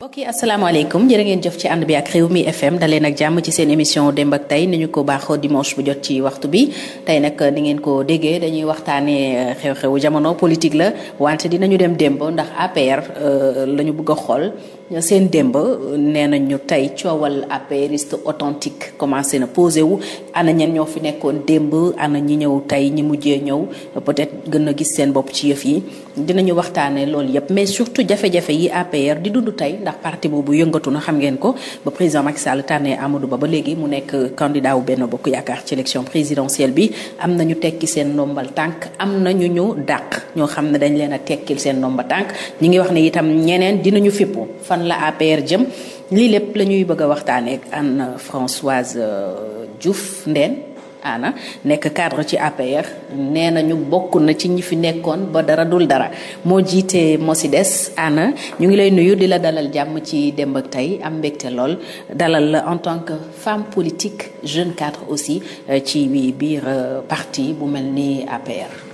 mbokk yi asalaamaaleykum jërë ngeen jëf ci ànd bi ak réew mi FM dalee nag jàmm ci seen émission démb ak tey ni ñu ko baaxoo dimanche bu jot ci waxtu bi tey nag ni ngeen ko déggee dañuy waxtaanee eh, xew-xewu jamono politique la wante dinañu dem démb ndax APR euh, la ñu bëgg a xool seen démb nee nañ ñu tey coowal apériste authentique commencé na posé wu ana ñeen ñoo fi nekkoon démb ana ñi ñëw tey ñi mujjee ñëw peut-être gën a gis seen bopp ci yëf yi dinañu waxtaanee loolu yëpp mais surtout jafe-jafe yi APR di dund tey ndax parti boobu yëngatu na xam ngeen ko ba président Macky Sall tànnee Ba ba léegi mu nekk candidat wu Benno Bokk Yaakaar ci élection bi am na ñu tekki seen ndombal tànk am na ñu ñu dàq ñoo xam ne dañ leen a tekkil seen ndomba tànk ñi ngi wax ne itam ñeneen dinañu fippu fan la APR jëm lii lépp la ñuy bëgg a waxtaanee na Anne Françoise euh, Diouf Ndène ana nekk cadre ci APR nee na ñu bokk na ci ñi fi nekkoon ba dara dul dara moo jiite Mosides ana ñu ngi lay nuyu di la dalal jàmm ci démb ak tey am mbégte lool dalal la en tant que femme politique jeune cadre aussi euh, ci biir euh, parti bu mel ni APR.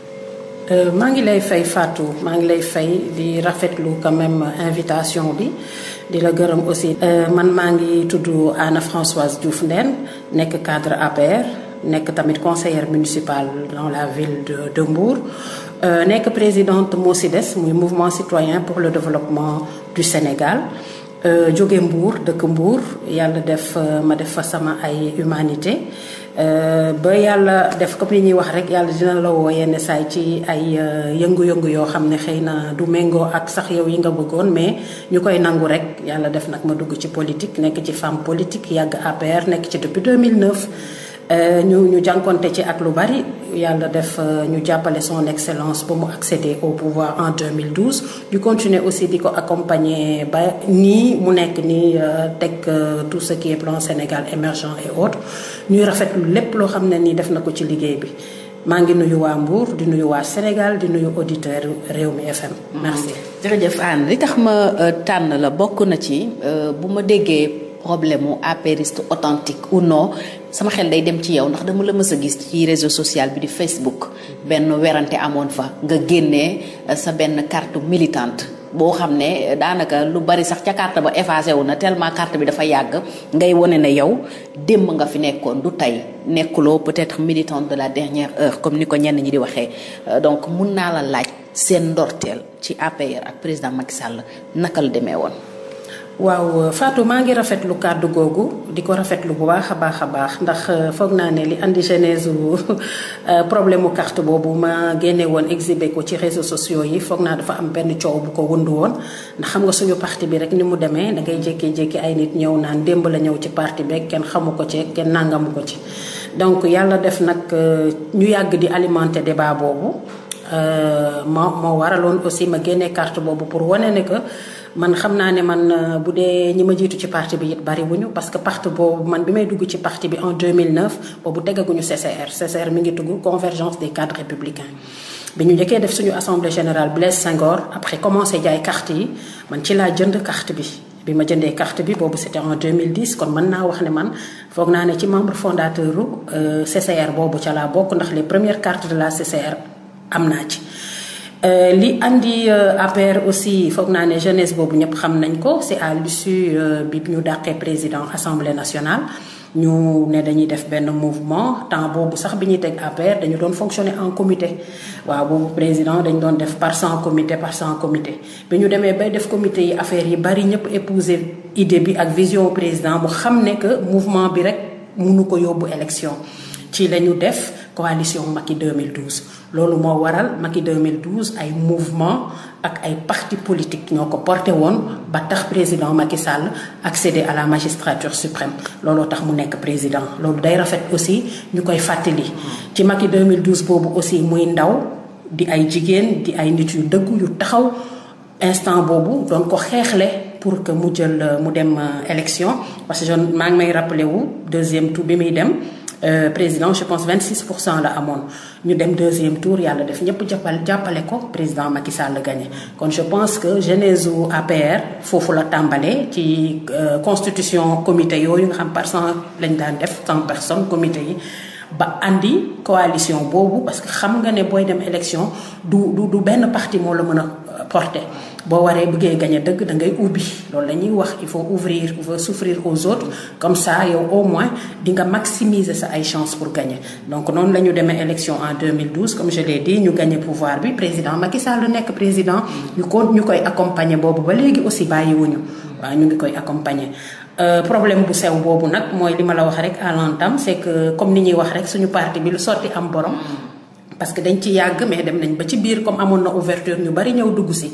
Euh, maa ngi lay fay Fatou maa ngi lay fay di rafetlu quand même invitation bi di la gërëm aussi. Euh, man maa ngi tudd Anna Françoise Diouf Ndène nekk cadre APR nekk tamit conseillère municipale dans la ville de de Mbour euh, nekk présidente MOCIDES muy mouvement citoyen pour le développement du Sénégal. jóge mbuur dëkk Mbour yàlla def ma def fa sama ay humanité. Euh, ba yàlla def comme li ñuy wax rek yàlla dina la woo yenn saay ci ay euh, yëngu-yëngu yoo xam ne xëy na du méngoo ak sax yow yi nga bëggoon mais ñu koy nangu rek yàlla def nag ma dugg ci politique nekk ci femme politique yàgg APR nekk ci depuis 2009. Euh, ñu ñu jànkonte ci ak lu bari yàlla def euh, ñu jàppale son excellence ba mu accéder au pouvoir en 2012 ñu continuer aussi di ko accompagner ba nii mu nekk nii euh, teg tout ce qui est plan Sénégal émergent et autres ñuy rafetlu lépp loo xam ne nii def na ko ci liggéey bi maa ngi nuyu waa Mbour di nuyu waa Sénégal di nuyu auditeur Rewmi FM. merci mm. jërëjëf Anne li tax ma tànn la bokk na ci bu ma déggee. problème mu apériste authentique ou non sama xel day dem ci yow ndax dama la mës a gis ci réseau sociale bi di Facebook benn werante amoon fa nga génnee euh, sa benn carte militante boo xam ne euh, daanaka lu bari sax ca carte ba effacé wu na tellement carte bi dafa yàgg ngay wone ne yow démb nga fi nekkoon du tey nekkuloo peut-être militante de la dernière heure comme ni ko ñenn ñi di waxee euh, donc mun naa la laaj seen ndorteel ci APR ak président Macky Sall naka lu demee woon. waaw faatu maa ngi rafetlu kàddu googu di ko rafetlu bu baax a baax a baax ndax euh, foog naa ne li andi genèse euh, problème mu carte boobu ma génne woon exhibé ko ci réseaux sociaux yi foog naa dafa am benn coow bu ko wëndu woon. ndax xam nga suñu parti bi rek ni mu demee da ngay jékki-jékki ay nit ñëw naan démb la ñëw ci parti beeg kenn xamu ko ci kenn nangamu ko ci donc yàlla def nag euh, ñu yàgg di alimenter débat boobu moo moo waraloon aussi ma génne kart boobu pour wane ne que. man xam naa ne man euh, bu dee ñi ma jiitu ci parti bi it bari wuñu parce que parti boobu man bi may dugg ci parti bi en 2009 boobu tegaguñu CCR CCR mi ngi tugg convergence des cadres républicains. bi ñu njëkkee def suñu assemblée générale Blaise Senghor après commencé jaay cart yi man ci laa jënd carte bi bi ma jëndee carte bi boobu c'était en 2010 kon mën naa wax ne man foog naa ne ci membre fondateur u euh, CCR boobu ca laa bokk ndax les première cartes de la CCR am naa ci. Euh, li andi euh, APR aussi foog naa ne jeunesse boobu ñëpp xam nañ ko c'est à l'issue euh, bi ñu dàqee président assemblée nationale ñu ne dañuy def benn mouvement temps boobu sax bi ñuy teg APR dañu doon fonctionner en comité waaw boobu président dañ doon def par cent comité par cent comité bi ñu demee bay def comité yi affaire yi bari ñëpp épouser idée bi ak vision président mu xam ne que mouvement bi rek mënu ko yóbbu élection ci lañu def coalition Macky 2012 loolu moo waral Macky 2012 ay mouvement ak ay parti politique ñoo ko porté woon ba tax président Macky Sall accéder à la magistrature suprême looloo tax mu nekk président loolu day rafet aussi ñu koy fàttali hmm. ci Macky 2012 boobu aussi muy ndaw di ay jigéen di ay nit yu dëggu yu taxaw instant boobu doon ko xeexle pour que mu jël euh, mu dem euh, élection parce que maa ngi may rappelé wu deuxième tour bi muy dem Euh, président je pense 26 pour cent la amoon ñu dem deuxième tour yàlla def ñëpp jàppal jàppale ko président Macky Sall gagné kon je pense que genèse u APR foofu la tàmbalee ci euh, constitution comité yooyu nga xam par cent lañ daan def cent personnes comité yi ba indi coalition boobu parce que xam nga ne booy dem élection du du du benn parti moo la mën a porter boo waree bëggee gañe dëgg da ngay ubbi loolu la ñuy wax il faut ouvrir il faut s'ouvrir aux comme ça yow au moins di nga maximiser sa ay chance pour gagner donc noonu la ñu demee élection en 2012 comme je l'ai dit ñu gagné pouvoir bi président Macky Sall nekk président ñu ko ñu koy accompagner boobu ba léegi aussi bàyyi wuñu waaw ñu ngi koy accompagner euh, problème bu sew boobu nag mooy li ma la wax rek à l'entame c'est que comme ni ñuy wax rek suñu parti bi lu sotti am borom parce que dañ ci yàgg mais dem nañ ba ci biir comme amoon na ouverture ñu bari ñëw dugg si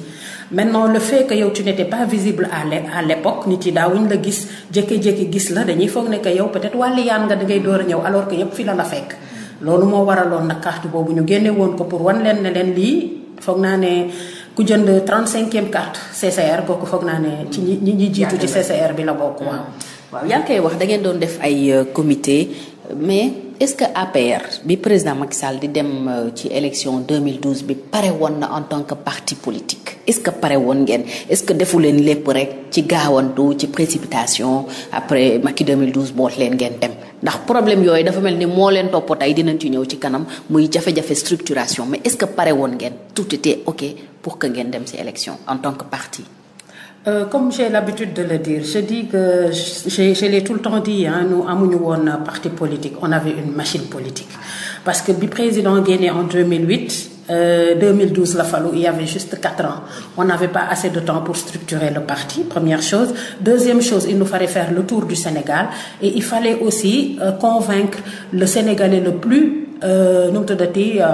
maintenant le fait que yow tu n'étais pas visible à l'époque nit yi daawuñ la gis jékki-jékki gis la dañuy foog ne que yow peut-être wàllu yaan nga dangay door a ñëw alors que yëpp fi la la fekk loolu moo waraloon nag carte boobu ñu génne woon ko pour wan leen ne leen lii foog naa ne ku jënd trent e carte CCR kooku foog naa ne ci ñi ñi ñi jiitu ci CCR bi la bokk waaw waaw yaa ngi koy wax da ngeen doon def ay euh, comité mais est-ce que APR bi président Macky Sall di dem euh, ci élection 2012 bi pare woon na en tant que parti politique est-ce que pare woon ngeen est-ce que defu leen lépp rek ci gaawantu ci précipitation après Macky 2012 boot leen ngeen dem ndax problème yooyu dafa mel ni moo leen toppoo tay dinañ ci ñëw ci kanam muy jafe-jafe structuration mais est-ce que pare woon ngeen tout était ok pour que ngeen dem si élection en tant que parti. Euh, comme j'ai l'habitude de le dire je dis que je l'ai tout le temps dit ah nous amuñu woon parti politique on avait une machine politique parce que bi président génne en 2008 euh, 2012 la falu il y avait juste quatre ans on n'avait pas assez de temps pour structurer le parti première chose deuxième chose il nous fallait faire le tour du Sénégal et il fallait aussi euh, convaincre le Sénégalais le plus euh, nu mu tuddati euh,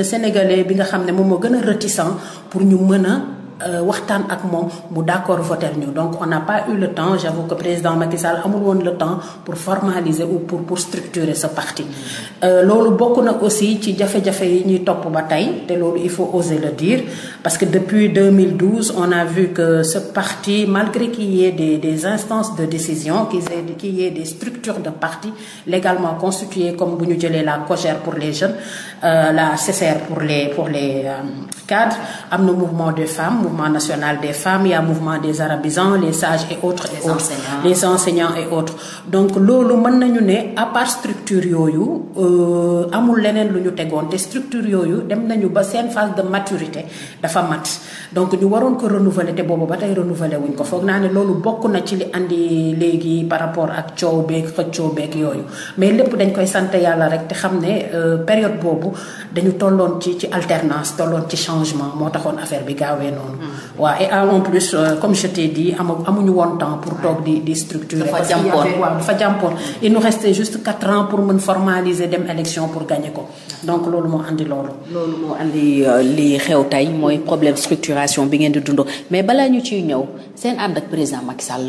le Sénégalais bi nga xam ne moom moo gën a réticent pour ñu mën a Euh, waxtaan ak moom mu d'accord voter ñu donc on n'a pas eu le temps j'avoue que président Macky amul woon le temps pour formaliser ou pour pour structurer ce parti mm. euh, loolu bokk na aussi ci jafe-jafe yi ñuy topp ba tey te loolu il faut oser le dire parce que depuis 2012 on a vu que ce parti malgré qu'il y des des instances de décision qu'il y ait des structures de parti légalement constituées comme bu ñu jëlee la COJER pour les jeunes euh, la CCR pour les pour les euh, cadres am na mouvement des femmes mouvement national des femmes il y a mouvement des arabisans les sages et autres et autres les enseignants et autres donc loolu mën nañu ne à part structure yooyu euh, amul leneen lu ñu tegoon te structure yooyu dem nañu ba seen phase de maturité dafa mat donc ñu waroon ko renouveler te boobu ba tey renouveler wuñ ko foog naa ne loolu bokk na ci li indi léegi par rapport ak coow beeg xëccoo beek yooyu mais lépp dañ koy sante yàlla rek te xam ne euh, période boobu dañu tolloon ci ci alternance tolloon ci moo taxoon affaire bi gaawee noonu waaw et en plus euh, comme je t'ai dit amuñu woon temps pour toog di di structurer. dafa jàmpoon waaw dafa jàmpoon il nous restait juste quatre ans pour mën formaliser dem élection pour gagner ko donc loolu moo indi loolu. loolu moo andi euh, li xew tey mooy problème structuration bi ngeen di dund mais balaa ñu ciy ñëw seen ànd ak président Macky Sall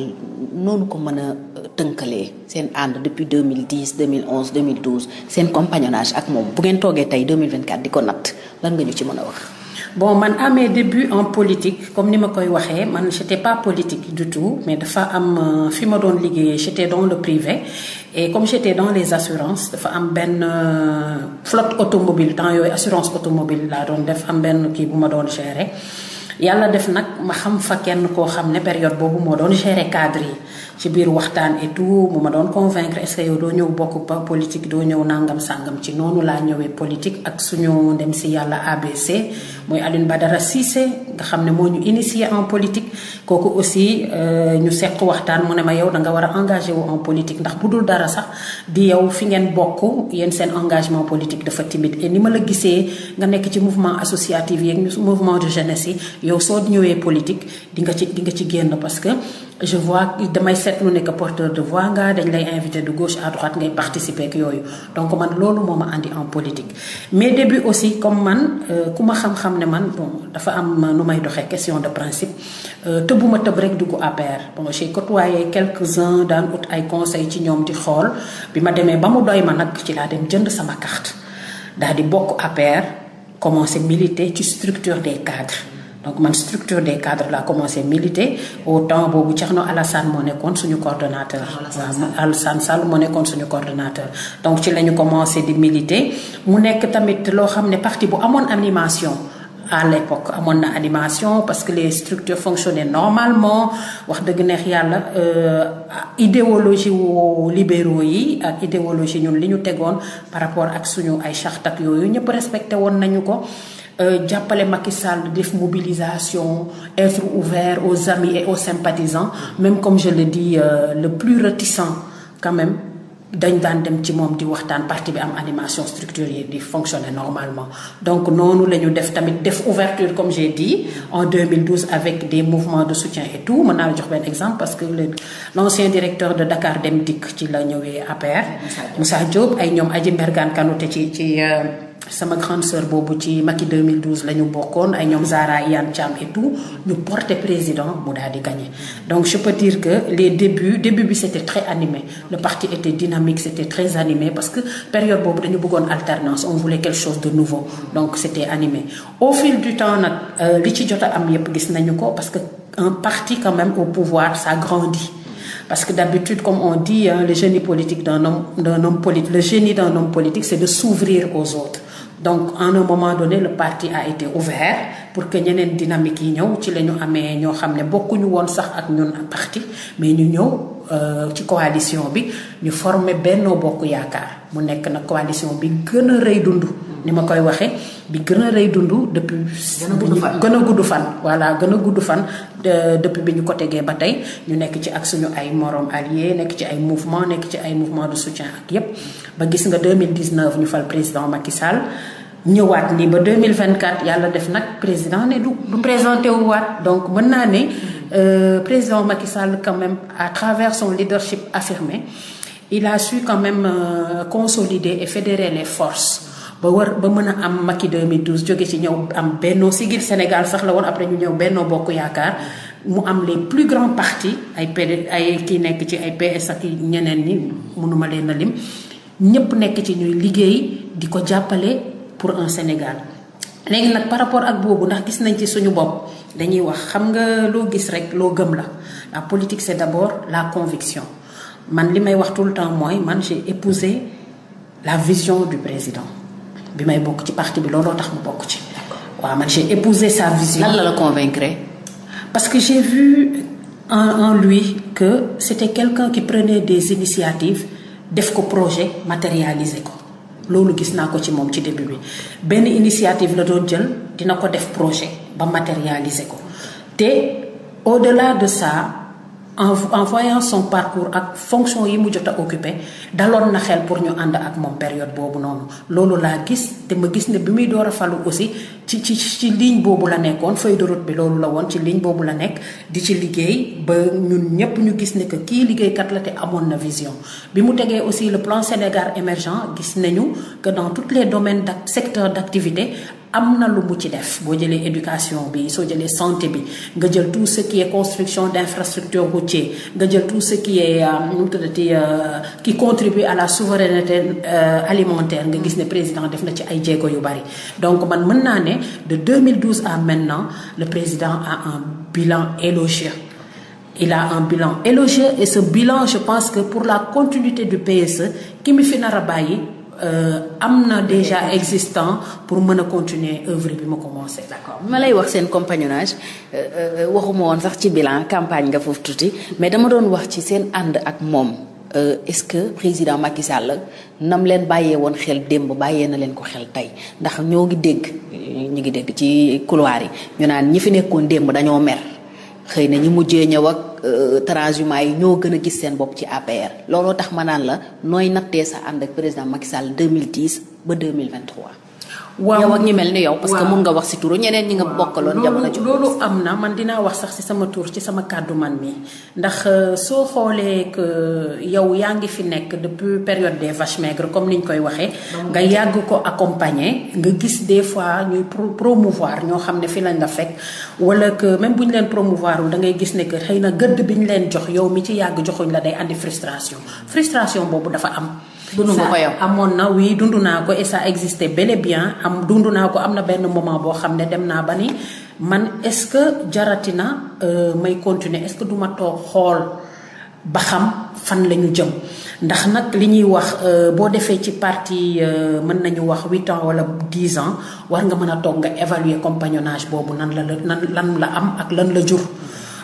noonu ko mën a euh, tënkalee seen ànd depuis 2010 2011 2012 seen compagnonnage ak moom bu ngeen toogee tey 2024 di ko natt lan nga ñu ci mën a wax. bon man à début débuts en politique comme ni ma koy waxee man j'étais pas politique du tout mais dafa am euh, fi ma doon liggéeyee j'étais dans le privé et comme j'étais dans les assurances dafa am benn euh, flotte automobile temps yooyu assurance automobile laa doon def am benn kii bu ma doon gérer yàlla def nag ma xam fa kenn koo xam ne période boobu moo doon gérer cadre yi ci biir waxtaan et tout mu ma doon convaincre est-ce que yow doo ñëw bokk ba politique doo ñëw nangam sàngam ci noonu laa ñëwee politique ak suñu dem si yàlla ABC mooy Alioune Badara Cissé nga xam ne moo ñu initié en politique. kooku aussi euh, ñu seq waxtaan mu ne ma yow da nga war a engagé wu en politique ndax bu dul dara sax di yow fi ngeen bokk yéen seen engagement politique dafa timide et ni ma la gisee nga nekk ci mouvement associatif yeeg mouvement de jeunesse yi yow soo ñëwee politique di nga ci di nga ci génn parce que. je vois damay seetlu ne que porteur de voix nga dañ lay invité de gauche à droite ngay participer ak yooyu donc man loolu moo ma andi en politique. mais début aussi comme man euh, ku ma xam-xam ne man bon dafa am nu may doxee question de principe euh, tëbuma tëb rek dugg APR bon j'ai côtoyé quelques-uns daan ut ay conseils ci ñoom di xool bi ma demee ba mu doy ma nag ci laa dem jënd sama carte daal di bokk APR commencé militer ci structure des cadres. donc man structure des cadres laa commencé militer au temps boobu Thierno Alassane moo nekkoon suñu coordonnateur. waaw Alassane Sall moo nekkoon suñu coordonnateur. donc ci lañu ñu commencé di militer mu nekk tamit loo xam ne parti bu amoon animation. à l'époque amoon na animation parce que les structures fonctionnaient normalement wax dëgg neex yàlla euh, idéologie wu libéraux yi ak idéologie ñun li ñu tegoon par rapport ak suñu ay charte yooyu ñëpp respecté woon nañu ko Euh, jàppale Macky Sall def mobilisation être ouvert aux amis et aux sympathisants même comme je le dis euh, le plus réticent quand même dañ daan dem ci moom di waxtaan parti bi am animation structurée di fonctionner normalement donc noonu la ñu def tamit def ouverture comme j'ai dit en 2012 avec des mouvements de soutien et tout mën naa jox benn exemple parce que le l'ancien directeur de Dakar Dem Dikk ci la ñëwee APR Moussa Diop ay ñoom Aji Mbergane Kanouté ci ci euh, sama grande sœur boobu ci Macky 2012 la ñu bokkoon ay ñoom Zahra Iyane Thiam et ñu porté président mu daal di gagné donc je peux dire que les débuts début bi c' était très animé le parti était dynamique c' très animé parce que période boobu dañu bëggoon alternance on voulait quelque chose de nouveau donc c' animé au fil du temps nag euh, li ci jot a am yépp gis nañu ko parce que un parti quand même au pouvoir ça grandit parce que d'habitude comme on dit donc en un moment donné le parti a été ouvert pour que ñeneen dynamique yi ñëw ci la ñu amee ñoo xam ne bokkuñu woon sax ak ñun parti mais ñu ñëw euh, ci coalition bi ñu formé Benno Bokk Yaakaar mu nekk na coalition bi gën a rëy dund ni ma koy waxee bi gën a rëy dund depuis. gën a gudd fan voilà gën a gudd fan depuis bi ñu ko tegee ba tey ñu nekk ci ak suñu ay morom alliés nekk ci ay mouvement nekk ci ay mouvement de soutien ak yépp ba gis nga 2019 ñu fal président Macky Sall ñëwaat nii ba 2024 yàlla def nag président ne du du présenté wu waat donc mën naa ne euh, président Macky Sall quand même à travers son leadership affirmé il a su quand même euh, consolider et fédérer les force ba war ba mën a am Macky 2012 jóge ci ñëw am Benno Siggil Sénégal sax la woon après ñu ñëw Benno Bokk Yaakaar mu am les plus grands partis ay PD ay kii nekk ci ay PS ak ñeneen ñi mënuma leen a lim ñëpp nekk ci ñuy liggéey di ko jàppale pour un Sénégal. léegi nag par rapport ak boobu ndax gis nañ ci suñu bopp dañuy wax xam nga loo gis rek loo gëm la la politique c'est d'abord la conviction man li may wax tout le temps mooy man j'ai épousé la vision du président. bi may bokk ci parti bi looloo tax mu bokk ci. waaw man j'ai épousé sa vision. lan la la convaincre. parce que j'ai vu en en lui que c'était quelqu'un qui prenait des initiatives def ko projet matérialiser ko loolu gis naa ko ci moom ci début bi benn initiative la doon jël dina ko def projet ba matérialiser ko te au-delà de ça. en en son parcours ak fonction yi mu jot a occupé daloon na xel pour ñu ànd ak moom période boobu noonu loolu laa gis te ma gis ne bi muy door a falu aussi ci ci ci ligne boobu la nekkoon feuille de bi loolu la woon ci ligne boobu la nekk di ci liggéey ba ñun ñépp ñu gis ne que kii liggéeykat la te amoon na vision bi mu tegee aussi le plan Sénégal émergent gis nañu que dans toutes les domaines d' secteur d' activité am na lu mu ci def boo jëlee éducation bi soo jëlee santé bi nga jël tout ce qui est construction d'infrastructure routière nga jël tout ce qui ti euh, nu mu tuddati euh, qui contribue à la souveraineté euh, alimentaire nga gis ne président def na ci ay jéego yu bari donc man mën naa ne de 2012 à maintenant le président a un bilan élogieux. il a un bilan élogieux et ce bilan je pense que pour la continuité du PSE ki mu fi nar a bàyyi Euh, am na déjà existant pour mën a continuer œuvre bi ma commencé. d'accord bi ma lay wax seen compagnonnage euh, euh, waxuma woon sax ci bilan campagne nga foofu tuuti mais dama doon wax ci seen ànd ak moom est-ce que président Macky Sall nam leen bàyyee woon xel démb bàyyee na leen ko xel tey ndax ñoo ngi dégg ñu ngi dégg ci couloir yi ñu naan ñi fi nekkoon démb dañoo mer. xëy na ñi mujjee ñëw ak euh, transhumance yi ñoo gën a gis seen bopp ci APR looloo tax manaan la nooy nattee sa ànd ak président Macky Sall 2010 ba 2023. waaw yow ak ñi mel ni yow. parce que mun nga wax si tour ñeneen ñi nga bokkaloon. a ji loolu am na man dinaa wax sax si sama tour ci sama kàddu man mi ndax euh, soo xoolee que yow yaa ngi fi nekk depuis période des vaches maigres comme ni ñu koy waxee. nga yàgg ko accompagner. nga gis des fois pro promouvoir ñoo xam ne fi lañ nga fekk wala que même bu ñu leen promouvoir da ngay gis ne que xëy na gëdd bi ñu leen jox yow mi ci yàgg joxuñ la day andi frustration boobu dafa am. dund ko yow amoon na oui dund naa ko et ça existait bel et am dund naa ko am na benn moment boo xam ne dem naa ba ni man est-ce que jaratina euh, may continuer est-ce que du ma toog xool ba xam fan la ñu jëm ndax nag li ñuy wax euh, boo defee ci parti euh, mën nañu wax huit ans wala dix ans war nga mën a toog nga évaluer compagnonnage boobu nan la lan lan la am ak lan la jur.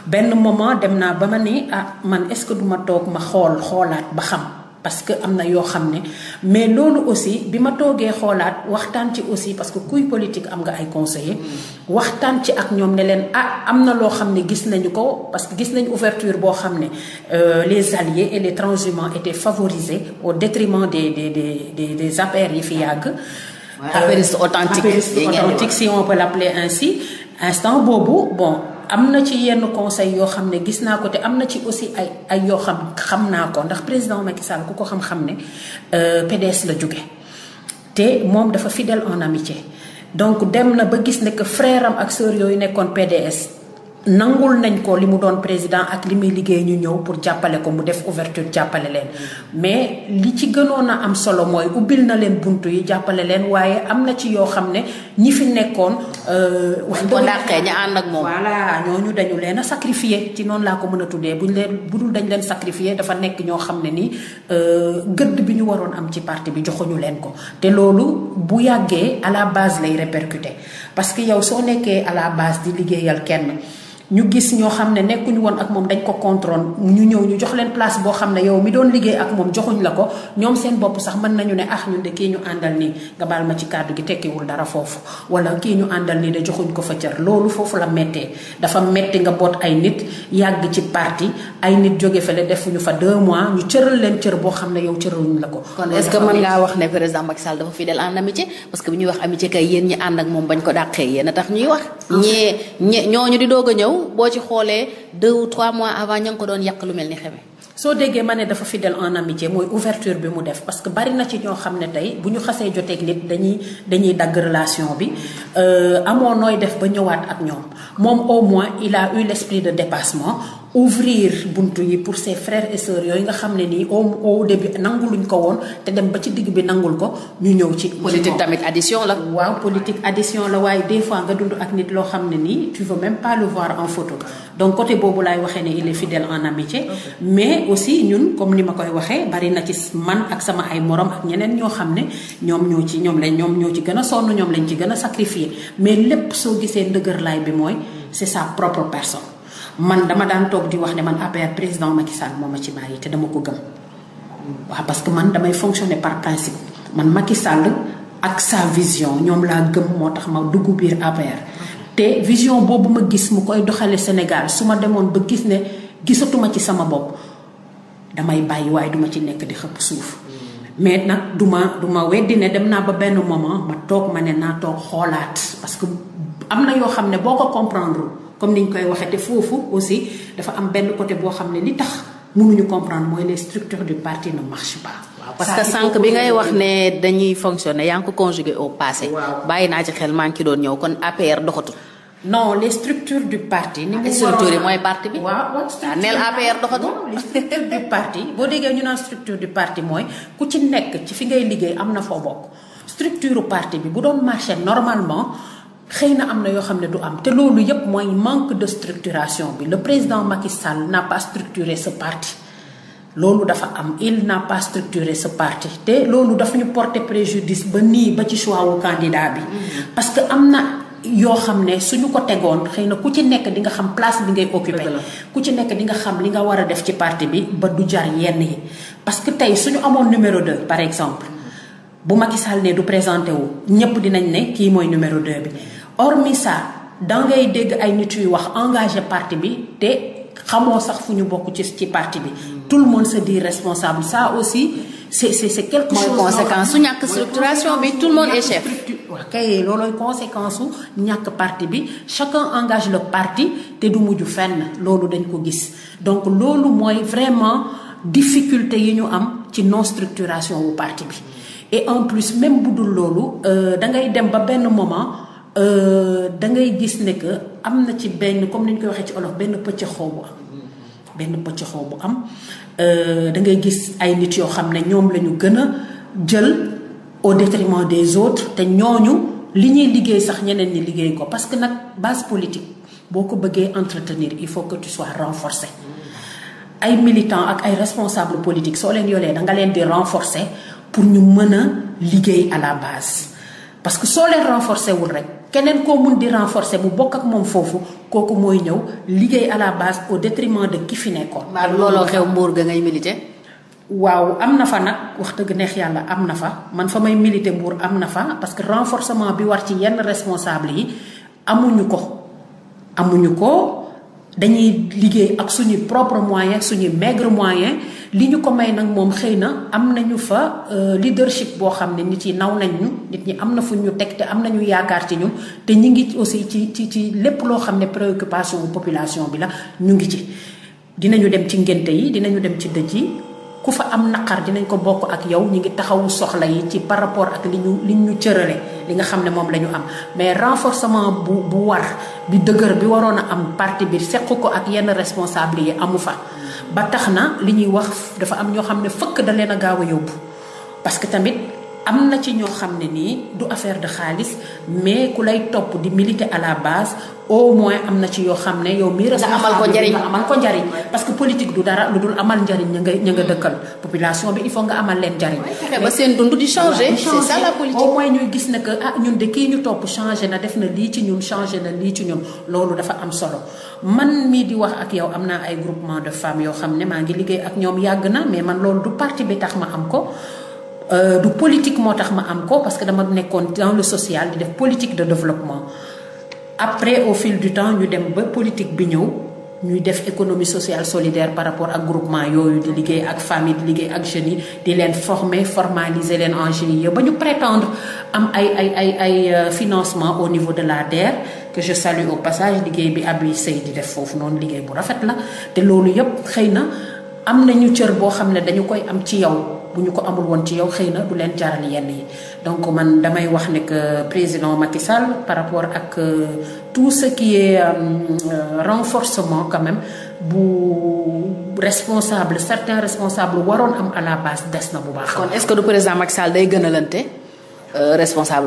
benn moment dem naa ba ma ne ah man est-ce que du ma toog ma xool xoolaat ba xam. parce que am na yoo xam ne mais loolu aussi bi ma toogee xoolaat waxtaan ci aussi parce que kuy politique am nga ay conseillers waxtaan ci ak ñoom ne leen ah am na loo xam ne gis nañu ko parce que gis nañu ouverture boo xam ne euh, les alliés et les transhumants étaient favorisés au détriment des des des des des APR yi fi yàgg. apériste authentique apériste authentique si on peut l'appeler ainsi instant boobu bon. am na ci yenn conseil yoo xam ne gis naa ko te am na ci aussi ay ay yoo xam xam naa ko ndax président Macky Sall ku ko xam-xam ne euh, PDS la jóge te moom dafa fidèle en amitié donc dem na ba gis ne que frère ak sœur yooyu nekkoon PDS nangul nañ ko li mu doon président ak li muy liggéey ñu ñëw pour jàppale ko mu def ouverture jàppale leen mais li ci gënoon a am solo mooy ubbil na leen buntu yi jàppale leen waaye am na ci yoo xam ne ñi fi nekkoon. Euh, wax dëgg ko dàqee ña ànd ak moom. voilà ñooñu dañu leen a ci noonu laa ko mën a tuddee ñu leen budul dañ leen sacrifié dafa nekk ñoo xam ne ni euh, gëdd bi ñu waroon am ci parti bi joxuñu leen ko te loolu bu yàggee à base lay répercuté parce que yow soo nekkee à base di liggéeyal kenn. ñu gis ñoo xam ne nekkuñu woon ak moom dañ ko contrôle ñu ñëw ñu jox leen place boo xam ne yow mi doon liggéey ak moom joxuñ la ko ñoom seen bopp sax mën nañu ne ah ñun de kii ñu àndal nii nga baal ma ci kàddu gi dara foofu wala kii ñu àndal nii de joxuñ ko fa cër loolu foofu la méttee dafa métti nga boot ay nit yàgg ci parti ay nit jóge fële defuñu fa deux mois ñu cëral leen cër boo xam ne yow cëraluñ la ko. kon est-ce que mën ngaa wax ne président Macky Sall dafa fidèle en amitié parce que bu ñuy wax amitié kay yéen ñi ànd ak moom bañ ko dàqee yéen a tax ñuy wax ñee ñu di doog a ñëw loolu boo ci xoolee deux ou trois mois avant ña ngi ko doon yàq lu mel ni xeme soo déggee ma ne dafa fidèle en amitié mooy ouverture bi mu def parce que bari na ci ñoo xam ne tey bu ñu xasee joteeg nit dañuy dañuy dagg relation bi euh, amoon nooy def ba ñëwaat ak ñoom moom au moins il a eu de dépassement ouvrir bunt yi pour ses frères et sœurs yooyu nga xam ne nii au au début nanguluñ ko woon te dem ba ci digg bi nangul ko ñu ñëw ci. politique tamit addition la. waaw politique addition la waaye des fois nga dund ak nit loo xam ne nii tu veux même pas voir en photo donc côté boobu laay waxee ne il est fidèle en amitié. mais aussi ñun comme ni ma koy waxee bari na ci man ak sama ay morom ak ñeneen ñoo xam ne ñoom ñoo ci ñoom lañ ñoom ñoo ci gën a sonn ñoom lañ ci gën a sacrifié mais lépp soo gisee ndëgërlaay bi mooy c'est sa propre man dama daan toog di wax ne man APR président Macky Sall moo ma ci bàyyi te dama ko gëm waaw parce que man damay fonctionner par principe man Macky Sall ak sa vision ñoom laa gëm moo tax ma dugg biir APR. te vision boobu ma gis mu koy doxalee Sénégal su ma demoon ba gis ne gisatuma ci sama bopp damay bàyyi waaye duma ci nekk di xëpp suuf. mais nag du ma du ma weddi dem naa ba benn moment ma toog ma ne naa toog xoolaat parce que am na yoo xam ne boo ko comprendre. comme ni niñ koy waxee te foofu aussi dafa am benn côté boo xam ne ni tax mënuñu comprendre mooy les structures du parti ne marchent pas. waaw parce que sànq bi ngay wax ne dañuy fonctionner yaa ngi au passé. bàyyi naa ci xel maa ngi ci doon ñëw kon APR doxatul. non les structures du parti. ni ah, mu structure mooy parti bi. waaw waaw ah, structure neel APR parti boo déggee ñu naa structure du parti mooy ku ci nekk ci fi ngay liggéey am na foo bokk structure parti bi bu doon marché normalement. xëy na am na yoo xam ne du am te loolu yépp mooy manque de structuration bi le président Macky Sall n'a pas structuré ce parti loolu dafa am il n'a pas structuré sa parti te loolu dafa ñu porter préjudice ba nii ba ci choix wu candidat bi mm-hmm. parce que am na yoo xam ne suñu ko tegoon xëy na ku ci nekk di nga xam place bi ngay occupé ku ci nekk di nga xam li nga war a def ci parti bi ba du jar yenn yi parce que tey su ñu amoon numéro 2 par exemple bu Macky Sall du présenté wu ñépp dinañ ne kii mooy numéro 2 bi hormis ça dangay dégg ay nit yu wax engagé parti bi te xamoo sax fu ñu bokk ci ci parti bi hmm. tout le monde se di responsable ça aussi c'est c'est c'est quelque chose su ñàkk structuration bi tout le monde est chef waa kay loolooy conséquence su ñàkk parti bi chaque engage le parti te du mujj fenn loolu dañ ko gis donc loolu mooy vraiment difficulté yi ñu am ci non structuration wu parti bi et en plus même bu dul loolu euh, da ngay dem ba benn moment Euh, da ngay gis ne que am na ci benn comme ni ñu koy waxee ci olof benn pëcc xaw bu am benn pëcc xaw am euh, da ngay gis ay nit yoo xam ne ñoom la ñu gën a jël au détriment des autres te ñooñu li ñuy liggéey sax ñeneen ñi liggéey ko parce que nag base politique boo ko bëggee entretenir il faut que tu sois renforcé ay militants ak ay responsables politiques soo leen yoolee da nga leen di renforcer pour ñu mën a liggéey à la base parce que soo leen renforcer wul rek. keneen koo mun di renforcer mu bokk ak moom foofu kooku mooy ñëw liggéey à la base au détriment de ki fi nekkoon. maa looloo xew Mbour ga ngay militer. waaw am na fa nag wax dëgg neex yàlla am na fa man fa may militer Mbour am na fa parce que renforcement bi war ci yenn responsable yi amuñu ko amuñu ko. dañuy liggéey ak suñu propre moyen suñuy maigre moyen li ñu ko may nag moom xëy na am nañu fa euh, leadership boo xam ne nit yi naw nañ ñu nit ñi am na fu ñu teg te am ñu yaakaar ci ñun te ñu ngi aussi ci ci ci lépp loo xam ne préoccupation population bi la ñu ngi ci dinañu dem ci ngénte yi dinañu dem ci dëj yi ku fa am naqar dinañ ko bokk ak yow ñu ngi taxawu soxla yi ci par rapport ak li ñu li ñu cërale li nga xam ne moom la ñu am mais renforcement bu bu war bi dëgër bi waroon a am parti bi seq ko ak yenn responsable yi amu fa. ba tax na li ñuy wax dafa am ñoo xam ne fëkk da leen a gaaw a yóbbu parce tamit. am na ci ñoo xam ne nii du affaire de xaalis mais ku lay topp di militer à la base au moins am na ci yoo xam ne yow mii responsable amal ko njariñ amal ko njariñ parce que politique du dara lu dul amal njariñ ña nga ña nga dëkkal population bi il faut nga amal leen njariñ ba seen dund di changer c'est gis ne que ah, ñun de kii ñu topp changé na def na lii ci ñun changé na lii ci ñun loolu dafa am solo man mii di wax ak yow am naa ay groupement de femmes yoo xam ne maa ngi liggéey ak ñoom yàgg na mais man loolu du parti bi tax ma am ko Euh, du politique moo tax ma am ko parce que dama nekkoon dans le social di def politique de développement après au fil du temps ñu dem ba politique bi ñëw ñuy def économie sociale solidaire par rapport ak groupement yooyu di liggéey ak famille di liggéey ak jeunes yi di leen former formaliser leen en GIE ba ñu prétendre am ay ay ay ay euh, financement au niveau de la DER que je salue au passage liggéey bi Abi Sey di def foofu noonu liggéey bu rafet la te loolu yëpp xëy na am nañu boo xam ne dañu koy am ci yow bu ñu ko amul woon ci yow xëy na bu leen jaral yenn yi donc man damay wax ne que président Macky Sall par rapport ak euh, tout sa qui est euh, euh, renforcement quand même bu responsable certains responsables waroon am à la des na bu baax. kon est-ce que du président Macky day gën a lante Euh,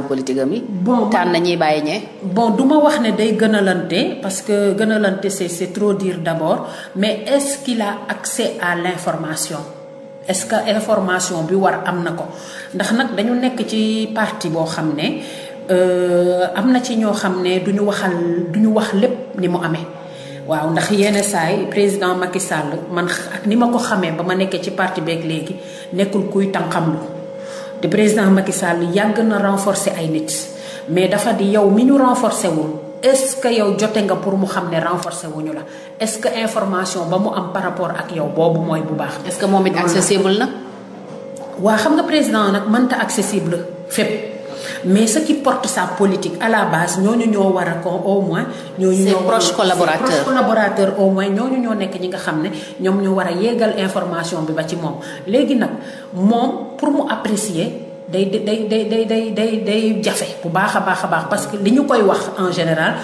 politique am yi. bon tànn nañuy bàyyi ñee. bon du ma wax ne day gënalante parce que gënalante c'est c'est trop dire d'abord mais est-ce qu'il a accès à l'information. est-ce que information bi war am na ko ndax nag dañu nekk ci parti boo xam ne euh, am na ci ñoo xam ne duñu waxal duñu wax lépp ni mu amee waaw ndax yenn saay président Macky Sall man ak ni ma ko xamee ba ma nekkee ci parti beeg léegi nekkul kuy tànqamlu te président Macky Sall yàgg na renforcer ay nit mais dafa di yow mi ñu renforcer wul est-ce que yow jote nga pour mu xam ne renforcer wuñu la est-ce que information ba mu am par rapport ak yow boobu mooy bu baax. est que moom it accessible na. waa xam nga président nag mënta accessible fépp. mais ce qui porte sa politique à la base ñooñu ñoo war a ko au moins. ñooñu ñoo proche collaborateur proche collaborateur au moins ñooñu ñoo nekk ñi nga xam ne ñoom ñu war a yéegal information bi ba ci moom léegi nag moom pour mu apprécier. day day day day day day day jafe bu baax a baax a baax parce que li ñu koy wax en général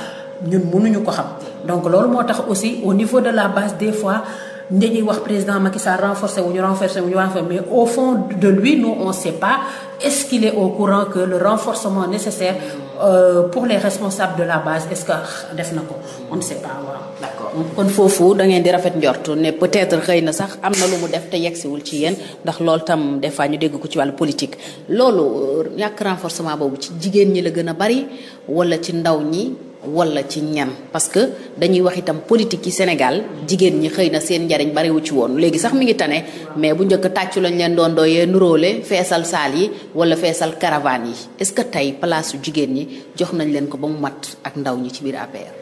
ñun mënuñu ko xam donc loolu moo tax aussi au niveau de la base des fois dañuy wax président Macky Sall renforcé wu ñu renforcé wu ñu renforcé mais au fond de lui nous on sait pas est-ce qu'il est au courant que le renforcement nécessaire euh, pour les responsables de la base est-ce que def na ko on ne sait pas waaw. kon foofu dangeen di rafet njort ne peut-être xëy na sax am na lu mu def te yegsiwul ci yéen ndax loolu tam des fois ñu dégg ko ci wàllu politique. loolu euh, ñàkk renforcement boobu ci jigéen ñi la gën a bari walla ci ndaw ñi. wala ci ñan parce que dañuy wax itam politique yi Sénégal jigéen ñi xëy na seen njariñ bariwu ci woon léegi sax mi ngi tane mais bu njëkk tàccu lañ leen doon dooyee nuróole feesal saal yi wala feesal caravane yi est-ce que tey place su jigéen ñi jox nañ leen ko ba mu mat ak ndaw ñi ci biir APR.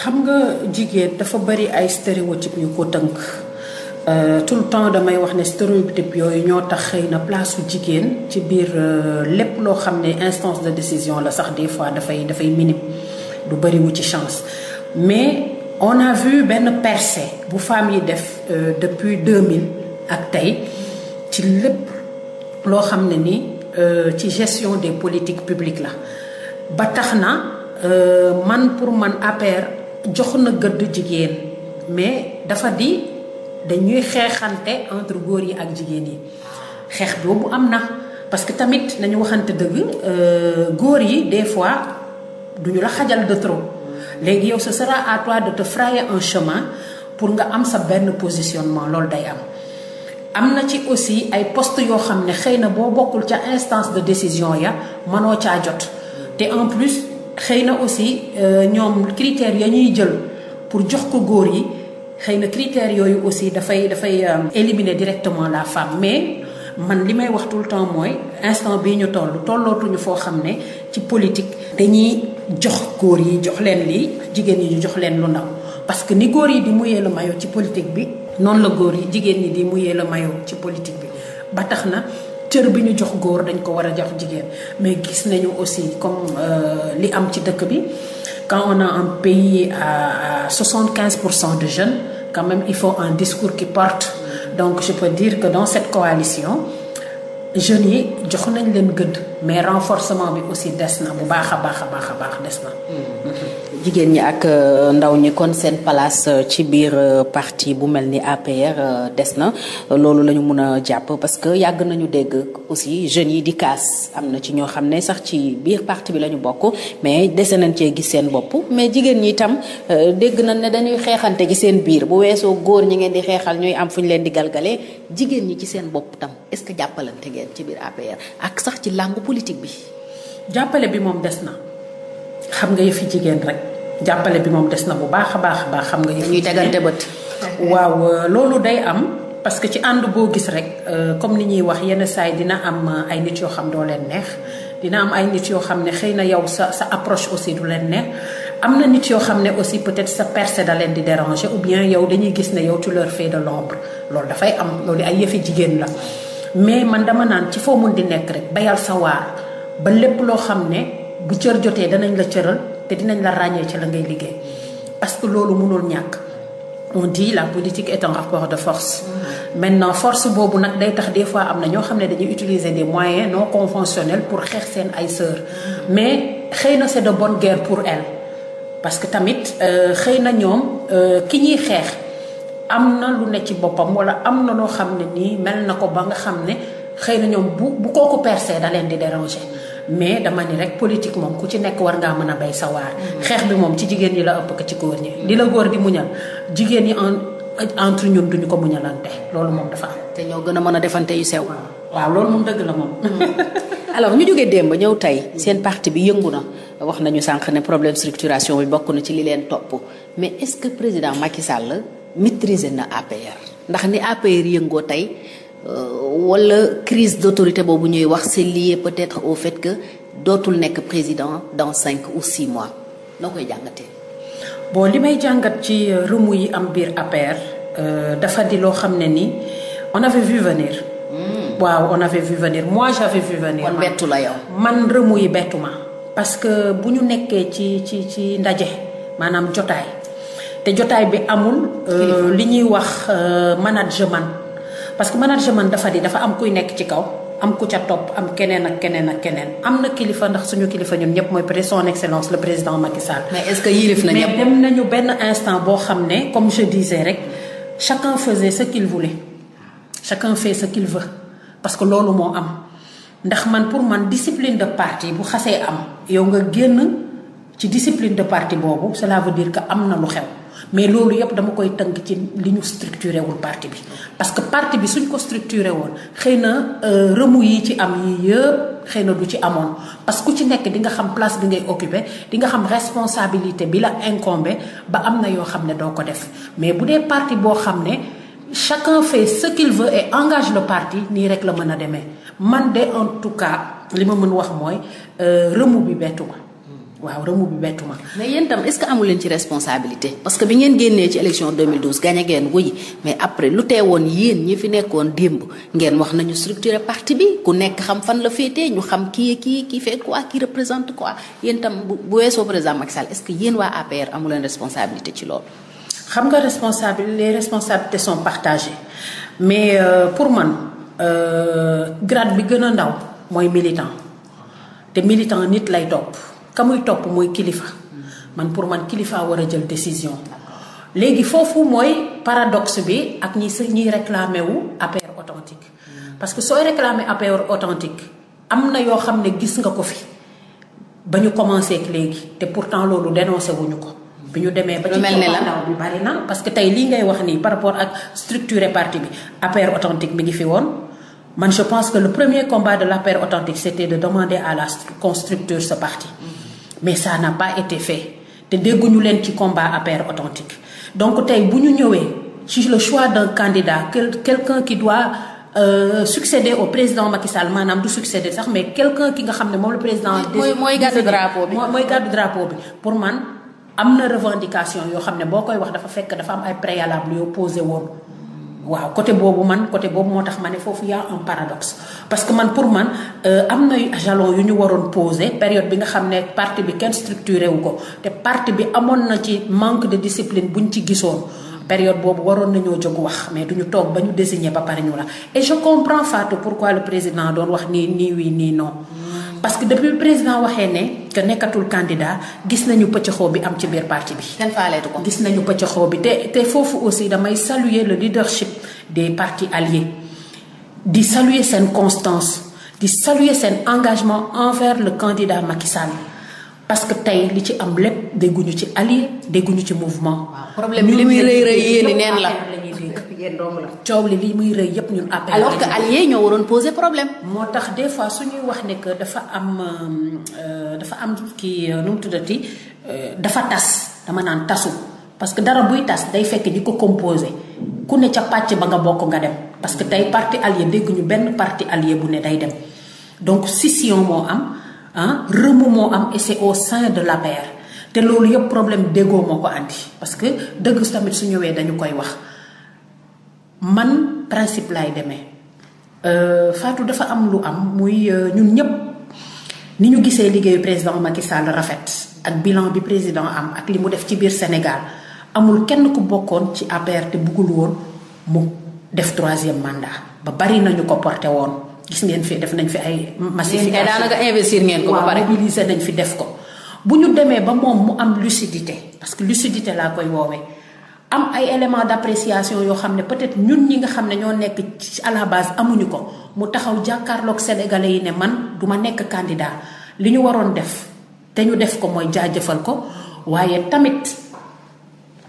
xam nga jigéen dafa bari ay stéréotypes yu ko tënk euh, tout le temps damay wax ne stéréotypes yooyu ñoo tax xëy na place su jigéen ci biir euh, lépp loo xam ne instance de décision la sax des fois dafay dafay minime. du bëriwu ci chance mais on a benn percée bu femmes yi def euh, depuis 2000 ak tey ci lépp loo xam ne ni euh, ci gestion des politiques publiques la ba tax na euh, man pour man APR jox na gëdd jigéen mais dafa di dañuy xeexante entre góor yi ak jigéen yi xeex boobu am na parce que tamit nañu waxante dëgg góor yi des fois duñu la xajal de trop léegi yow ce sera à toi de te frayer un chemin pour nga am sa benn positionnement loolu day am am na ci aussi ay poste yoo xam ne xëy na boo bokkul ca instance de décision ya mënoo caa jot te en plus xëy na aussi euh, ñoom critères ya ñuy jël pour jox ko góor yi xëy na critères yooyu aussi dafay dafay euh, éliminer directement la femme mais man li may wax tout temps mooy instant bii ñu toll tollootuñu foo xam ne ci politique dañuy jox góor yi jox leen li jigéen ñi ñu jox leen lu ndaw parce que ni góor yi di muyee la mayo ci politique bi noonu la góor yi jigéen ñi di muyee la mayo ci politique bi ba tax na cër bi ñu jox góor dañ ko war a jox jigéen mais gis nañu aussi comme euh, li am ci dëkk bi quand na a un pays soixante quinze pour cent de jeune quand même il faut un discours qui porte donc je peux dire que dans cette coalition jeunes yi joxo nañ leen gëdd mais renforcement bi aussi des na bu baax a baax a baax a baax des na. Hmm. jigéen ñi ak euh, ndaw ñi kon seen place euh, ci biir euh, parti bu mel ni APR des na loolu la ñu mun a jàpp parce que yàgg nañu dégg aussi jeunes yi di kaas am na ci ñoo xam ne sax ci biir parti bi la ñu bokk mais dese nañ cee gis seen bopp mais jigéen ñi itam dégg nañ ne dañuy xeexante ci seen biir bu weesoo góor ñi ngeen di xeexal ñuy am fu ñu leen di galgalee jigéen ñi ci seen bopp tam est-ce que jàppalante ngeen ci biir APR ak sax ci làngu politique bi. jàppale bi moom des na. xam nga yëfi jigéen rek jàppale bi moom des na bu baax a baax baax xam nga yëfi ñuy tegante bët waaw euh, loolu day am parce que ci ànd boo gis rek euh, comme ni ñuy wax yenn saay dina am euh, ay nit yoo xam doo leen neex dina am ay nit yoo xam ne xëy na yow sa sa approche aussi du leen neex am na nit yoo xam ne aussi peut-être sa percée da leen di déranger ou bien yow dañuy gis ne yow tu leur fais de loolu dafay am loolu ay yëfi jigéen la mais man dama naan ci foo mun di nekk rek bayal sa waar ba lépp loo xam ne bu cër jotee danañ la cëral te dinañ la ràññee ci la ngay liggéey parce que loolu mënul ñàkk on di la politique est un rapport de force mmh. maintenant force boobu nag day tax des fois am na ñoo xam ne dañuy utiliser des moyens non conventionnels pour xeex seen ay sœurs mm-hmm. mais xëy na c'est de bonne guerre pour elle parce que tamit euh, xëy na ñoom euh, ki ñuy xeex am na lu ne ci boppam wala am na loo xam ne nii mel na ko ba nga xam ne xëy na ñoom bu bu kooku percé da leen di déranger mais dama ni rek politique moom ku ci nekk war ngaa mën a bay sa waar. xeex bi moom ci jigéen ñi la ëpp ko ci góor ñi. li la góor di muñal jigéen ñi entre ñun duñu ko muñalante loolu moom dafa am. te ñoo gën a mën a defante yu sew. waaw loolu moom dëgg la moom. alors ñu jógee démb ñëw tey seen parti bi yëngu na wax nañu sànq ne problème structuration bi bokk na ci li leen topp mais est-ce que président Macky Sall maîtriser na APR ndax ni APR yëngoo tey. Euh, wala crise d'autorité boobu ñuy wax c'est lié peut-être au fait que dootul nekk président dans cinq ou six mois noo koy jàngatee. bon li may jàngat ci euh, remous yi am biir APR euh, dafa di loo xam ne ni on avait vu venir. Hmm. waaw on avait vu venir moi j'avais vu venir. la yow. man remous yi bettu ma. parce que bu ñu nekkee ci ci ci ndaje maanaam jotaay te jotaay bi amul. li ñuy wax management. parce que management dafa di dafa am kuy nekk ci kaw am ku ca topp am keneen ak keneen ak keneen am na kilifa ndax suñu kilifa ñun ñëpp mooy son excellence le président Macky Sall. mais est-ce que yilif na dem nañu benn instant boo xam ne comme je disais rek chaque faisait ce qu'il voulait chacun fait ce qu'il parce que loolu moo am ndax man pour man discipline de parti bu xasee am yow nga génn ci discipline de parti boobu cela veut dire que am na lu xew. mais loolu yëpp dama koy tëng ci li ñu structuré wul bi parce que parti bi suñ ko structuré woon xëy na euh, remous yi ci am yi yëpp xëy na du ci amoon parce que ku ci nekk di nga xam place bi ngay occupé dinga xam responsabilité bi la incombé ba am na yoo xam ne doo ko def mais bu dee parti boo xam ne chaque fait ce qu'il veut et engage le parti nii rek la mën a demee man de en tout cas li ma mën wax mooy euh, remous bi bettu ko waaw rëmu bi bettu ma. mais yéen tam est-ce que amu leen ci responsabilité parce que bi ngeen génnee ci élection 2012 gagné ngeen wuy mais après lu woon yéen ñi fi nekkoon démb ngeen wax nañu structuré parti bi ku nekk xam fan la féetee ñu xam kii kii kii fait quoi kii représente quoi yéen tam bu bu weesoo président Macky Sall est-ce que yéen waa APR amu leen responsabilité ci loolu. xam nga responsable les responsabilités sont partagées mais euh, pour man euh, grade bi gën a ndaw mooy militant te militant nit lay topp. ka muy topp mooy kilifa man pour man kilifa war a jël décision léegi foofu mooy paradoxe bi ak ñi sa ñiy réclamer wu APR authentique parce que sooy réclamer APR authentique am na yoo xam ne gis nga ko fi ba ñu commencé ak léegi te pourtant loolu dénoncé wuñu ko bi ñu demee ba ci ndaw bi bari na parce que tey lii ngay wax nii par rapport ak structure parti bi APR authentique mu ngi fi woon man je pense que le premier combat de l'APR authentique c'était de demander à la constructeur ce parti mais ça n'a pas été fait te dégguñu leen ci combat APR authentique donc tey bu ñu ñëwee ci le choix d'un candidat quel quelqu'un qui doit Euh, succéder au président Macky Sall maanaam du succéder sax mais quelqu'un ki nga xam ne moom la président. mooy mooy gàddu drapeau bi mooy gàddu drapeau bi pour man am na revendication yoo xam ne boo koy wax dafa fekk dafa am ay préalable yoo posé woon. waaw côté boobu man côté boobu moo tax ma ne foofu yaa a un paradoxe parce que man pour man euh, am na jalon yu ñu waroon posé période bi nga xam ne parti bi kenn structuré wu ko te parti bi amoon na ci manque de discipline ñu ci gisoon. période boobu waroon nañoo jóg wax mais duñu toog ba ñu désigner ba pare ñu la et je comprends Fatou pourquoi le président doon wax nii nii oui nii noon mm. parce que depuis président waxee ne que nekkatul candidat gis nañu pëccëxoo bi am ci biir parti bi. kenn faaleetu ko gis nañu pëccëxoo bi te te foofu aussi damay saluer le leadership des partis alliés di saluer seen constance di saluer seen engagement envers le candidat Macky Sall. parce que tey li ci am lépp dégguñu ci allié dégguñu ci mouvement. problème bi li muy rëy rëy yéen neen la coow li li muy rëy yëpp ñun appel alors que allié ñoo waroon poser problème. moo tax des fois suñuy wax ne que dafa am euh, dafa am kii euh, nu mu tuddati euh, dafa tas dama naan tasu parce que dara buy tas day fekk ñi ko composé ku ne ca pàcc ba nga bokk nga dem parce que tey parti allié dégguñu benn parti allié bu ne day dem donc scission moo am. ah remous moo am et c'est au sein de l'APR te loolu yëpp problème déggoo moo ko andi parce que dëgg tamit su ñëwee dañu koy wax man principe lay demee euh, Fatou dafa am lu am muy euh, ñun ñëpp ni ñu gisee liggéeyu président Macky Sall rafet ak bilan bi président am ak li mu def ci biir Sénégal amul kenn ku bokkoon ci APR te bëggul woon mu def troisième mandat ba bari nañu ko porté woon. gis ngeen fi def nañ fi ay. massification daanaka investir ngeen ko ba pare waaw nañ fi def ko. bu ñu demee ba moom mu am lucidité parce que lucidité laa koy woowee am ay éléments d'appréciation yoo xam ne peut-être ñun ñi nga xam ne ñoo nekk ci à la base amuñu ko mu taxaw jàkkaarloog sénégalais yi ne man du ma nekk candidat li ñu waroon def te ñu def ko mooy jaajëfal ko waaye tamit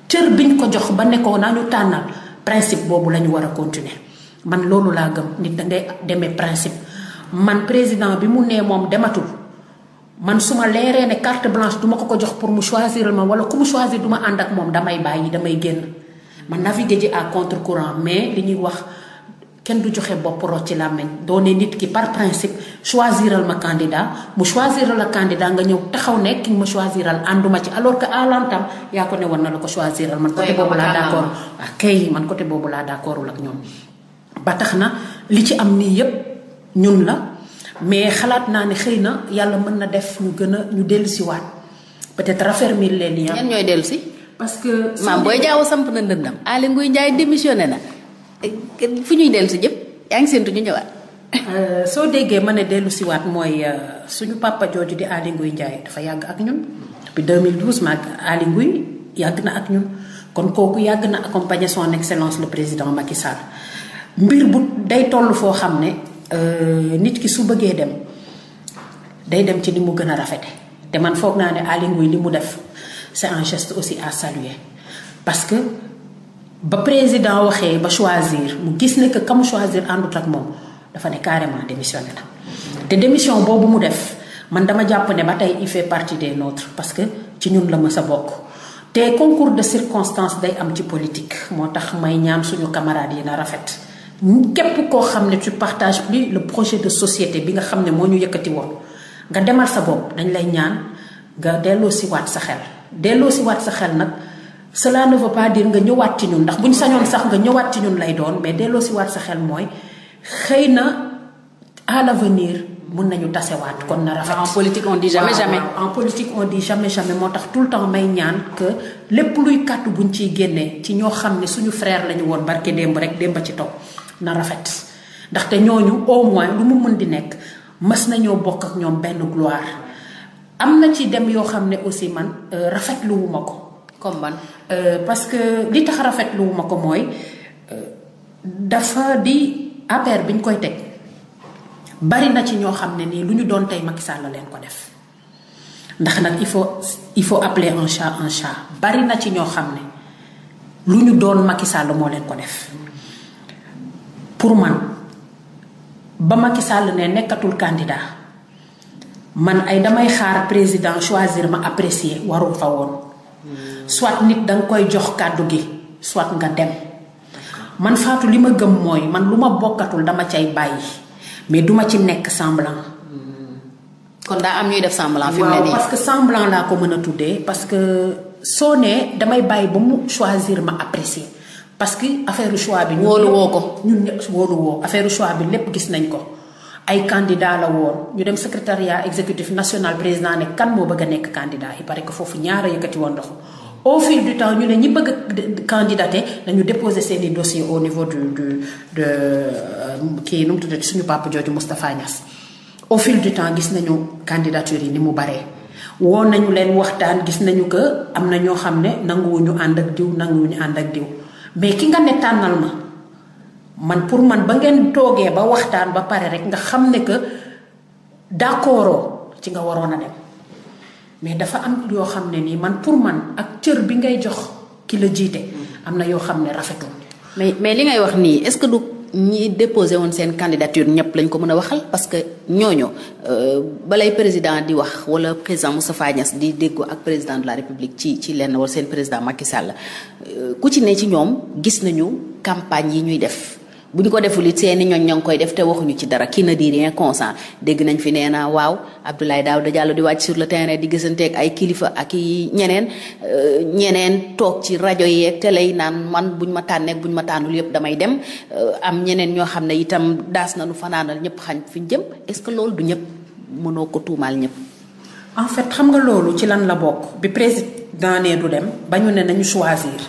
cër biñ ko jox ba nekkoon naa ñu tànnal principe boobu la ñu war a continuer. man loolu laa gëm nit da ngay demee principe man président bi mu nee moom dematul man su ma leeree ne carte blanche du ma ko ko jox pour mu choisir ma wala ku mu choisir du ma ànd ak moom damay bàyyi damay génn ma navigué ji à contre courant mais li ñuy wax kenn du joxe bopp rocc ci làmmiñ doo ne nit ki par principe choisiral ma candidat mu choisiral la candidat nga ñëw taxaw ne ki ma choisiral ànduma ci alors que yaa ko ne war na la ko choisiral man côté boobu laa d'accord ah, kay man côté boobu laa d'accordul ak ñoom ba tax na li ci am nii yépp ñun la mais xalaat naa ne xëy na yàlla mën na def ñu gën a ñu dellusiwaat peut-être raffermir les liens. Ah. ñan ñooy dellusi. parce que. maam booy jaaw samp na ndëndam. Aly Ngouille Ndiaye démissionné na fu ñuy dellusi jëpp yaa ngi séntu ñu ñëwaat. Euh, soo déggee ma ne dellusiwaat mooy euh, suñu papa jooju di Aly Ngouille Ndiaye dafa yàgg ak ñun depuis 2012 maag Aly Ngouille yàgg na ak ñun kon kooku yàgg na accompagner son excellence le président Macky Sall. mbir bu day toll foo xam ne euh, nit ki su bëggee dem day dem ci ni mu gën a rafete te man foog naa ne Aly Ngouille li mu def c'est un gest aussi à saluer parce que ba président waxee ba choisir mu gis ne que ka mu choisir àndut ak moom dafa ne carrément démissionné te démission boobu mu def man dama jàpp ne ba tey il fait partie des nôtres parce que ci ñun la ma sa bokk te concours de circonstances day am ci politique moo tax may ñaan suñu camarades yi na rafet képp koo xam ne ci partage bi le projet de société bi nga xam ne moo ñu yëkkati woon nga demal sa bopp dañ lay ñaan nga delloo si waat sa xel delloo si waat sa xel nag cela ne veut pas dire nga ñëwaat ci ñun ndax bu ñu sañoon sax nga ñëwaat ci ñun lay doon mais delloo si waat sa xel mooy xëy na à l'avenir mun nañu tasewaat kon na rafet. en politique on dit jamais jamais. en politique jamais jamais moo tax tout le temps may ñaan que lépp luy kàddu buñ ciy génnee ci ñoo xam ne suñu frère lañu woon barke démb rek démb ci taw. na rafet ndaxte ñooñu au moins lu mu mën di nekk mës nañoo bokk ak ñoom benn gloire am na ci dem yoo xam ne aussi man euh, rafetlu wu ko. comme man euh, parce que li tax rafetlu wu ko mooy euh, dafa di affaire bi ñu koy teg bari na ci ñoo xam ne nii lu ñu doon tey Macky Sall la leen ko def ndax nag il faut il faut appeler un chat un chat bari na ci ñoo xam ne lu ñu doon Macky Sall moo leen ko def. pour man ba Macky Sall ne nekkatul candidat man ay damay xaar président choisir ma apprécier warul fa woon soit nit danga koy jox kàddu gi soit nga dem man faatu li ma gëm mooy man lu ma bokkatul dama cay bàyyi mais duma ci nekk semblant kon daa am ñuy def semblant fi mu nii parce que semblant laa ko mën a tuddee parce que soo nee damay bàyyi ba mu choisir ma apprécier parce que affaire choix bi wóolu woo ko ñun ñëpp wóolu woo affaire choix bi lépp gis nañ ko ay candidat la woon ñu dem secrétariat exécutif national président ne kan moo bëgg a nekk candidat il paraît que foofu ñaara yëkkati woon ndox au fil du temps ñu ne ñi bëgg a candidaté nañu déposer seeni i dossier au niveau du du de euh, kii nu mu tuddati suñu papa jooju Moustapha Niass au fil du temps gis nañu candidature yi ni mu baree woo nañu leen waxtaan gis nañu que am na ñoo xam ne nanguwuñu ànd ak diw nanguwuñu ànd ak diw mais ki nga ne tànnal ma man pour man ba ngeen toogee ba waxtaan ba pare rek nga xam ne que d'accord ci nga waroon a dem mais dafa am yoo xam ne nii man pour man ak cër bi ngay jox ki la jiite am na yoo xam ne rafetul. mais mais li ngay wax nii est du. ñi déposé woon seen candidature ñëpp lañ ko mën a waxal parce que ñooñu euh, balay président di wax wala président Moustapha Niass di déggoo ak président de la République ci ci lenn wala seen président Macky Sall euh, ku ci ne ci ñoom gis nañu campagne yi ñuy def. bu ñu ko deful it seeni ñoñ ñoo ngi koy def te waxuñu ci dara kii na di rien consent dégg nañ fi nee naa waaw daaw Daouda Diallo di wàcc sur le terrain di gisanteeg ay kilifa ak yi ñeneen euh, ñeneen toog ci rajo yee te yi naan man buñ ma tànneeg buñ ma tànnul yëpp damay dem euh, am ñeneen ñoo xam ne itam daas na nu fanaanal ñëpp xam fi ñu jëm est-ce que loolu du ñëpp mënoo ko tuumaal ñëpp. en fait xam nga loolu ci lan la bokk bi président ne du dem bañu ñu ne nañu choisir.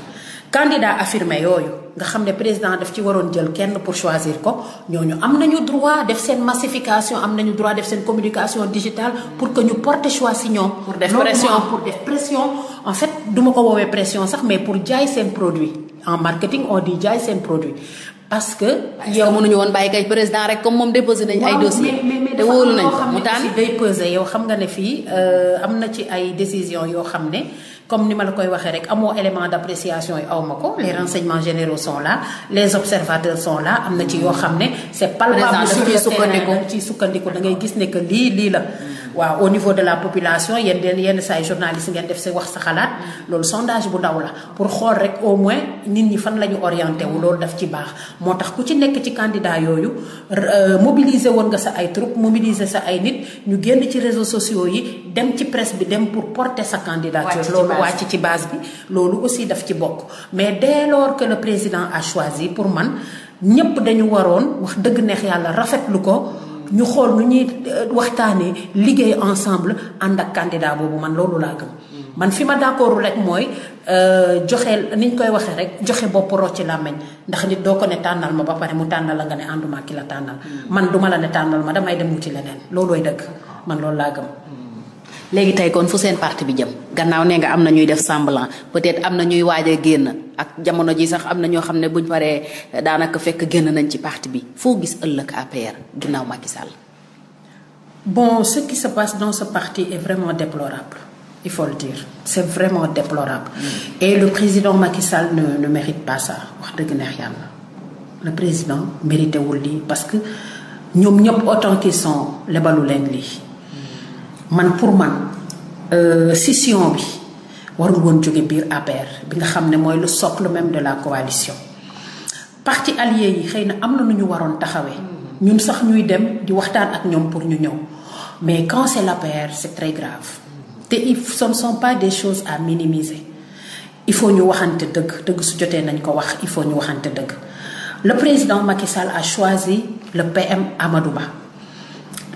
candidat affirmé yooyu nga xam ne président def ci waroon jël kenn pour choisir ko ñooñu am nañu droit def seen massification am nañu droit def seen communication digitale pour que ñu porter choix si ñoom. pour def pression pour def pression. en fait du ko woowee pression sax mais pour jaay seen produit en marketing on dit jaay seen produit parce que yow mënuñu woon bàyyi kay président rek comme moom déposé nañ ay dossier te wóolu nañ mu taan day pesé xam nga ne fii euh, am na ci ay décision yoo xam ne comme ni ma la koy waxee rek amoo élément d'appréciation yi aw ma ko les renseignements généraux sont là les observateurs sont la am na ci yoo xam ne c'est palpable ci sukkandiku ci sukkandiku dangay gis ne que lii lii la waaw au niveau de la population yéen den yenn saa journaliste ngeen def sa wax sa xalaat loolu sondage bu daw la pour xool rek au moins nit ñi fan la ñu orienté wu loolu daf ci baax moo tax ku ci nekk ci candidat yooyu euh, mobiliser woon nga sa ay troupe mobiliser sa ay nit ñu génn ci réseau sociaux yi dem ci presse bi dem pour porte sa candidature loolu wàcc ci base bi loolu aussi daf ci bokk mais dès lors que le président a choisi pour man ñépp dañu waroon wax dëgg neex yàlla rafetlu ko ñu xool nu ñuy euh, waxtaanee liggéey ensemble ànd ak candidat boobu man loolu laa gëm. man fi ma d'accord rek mooy euh, joxe ni ñu koy waxee rek joxe bopp rocci làmmeñ ndax nit doo ko ne tànnal ma ba pare mu tànnal la nga ne ànduma ki la tànnal. man duma la ne tànnal ma damay dem ci leneen loolooy dëgg man loolu laa gëm. léegi tey kon fu seen parti bi jëm gannaaw nee nga am na ñuy def semblant peut-être am na ñuy waajee génn ak jamono ji sax am na ñoo xam ne buñ paree daanaka fekk génn nañ ci parti bi foo gis ëllëg APR ginnaaw Macky Sall. bon ce qui se passe dans ce parti et vraiment déplorable il faut le dire c'est vraiment déplorable. Mm. et le président Macky Sall ne ne mérite pas wax dëgg neex yàlla le président mérité wul parce que ñoom ñëpp autant lebalu leen lii. man pour man euh, scission bi warul woon jóge biir APR bi nga xam ne mooy le socle même de la coalition. parti allié yi xëy na am na nu ñu waroon taxawee. ñun sax ñuy dem di waxtaan ak ñoom pour ñu ñëw mais quand c'est l'APR c'est très grave. te il ce ne sont pas à minimiser. il faut ñu waxante dëgg dëgg su jotee nañ ko wax il faut ñu waxante dëgg le président Macky Sall a choisi le PM Amadou Ba.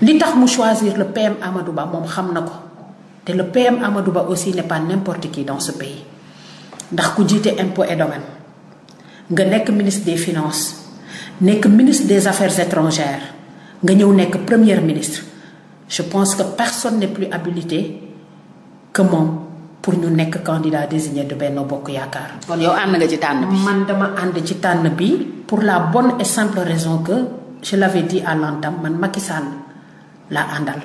li tax mu choisir le PM Amadou Ba moom xam na ko te le PM Amadou Ba aussi n'est pas n'importe qui dans ce pays ndax ku jiite impôt et domaine nga nekk ministre des finances nekk ministre des affaires étrangères nga ñëw nekk premier ministre je pense que personne n'est plus habilité que moom pour ñu nekk candidat désigné de Benno Bokk Yaakaar. kon yow ànd nga ci tànn bi. man dama ànd ci tànn bi pour la bonne et simple raison que je l'avais dit à man Macky Sall la àndal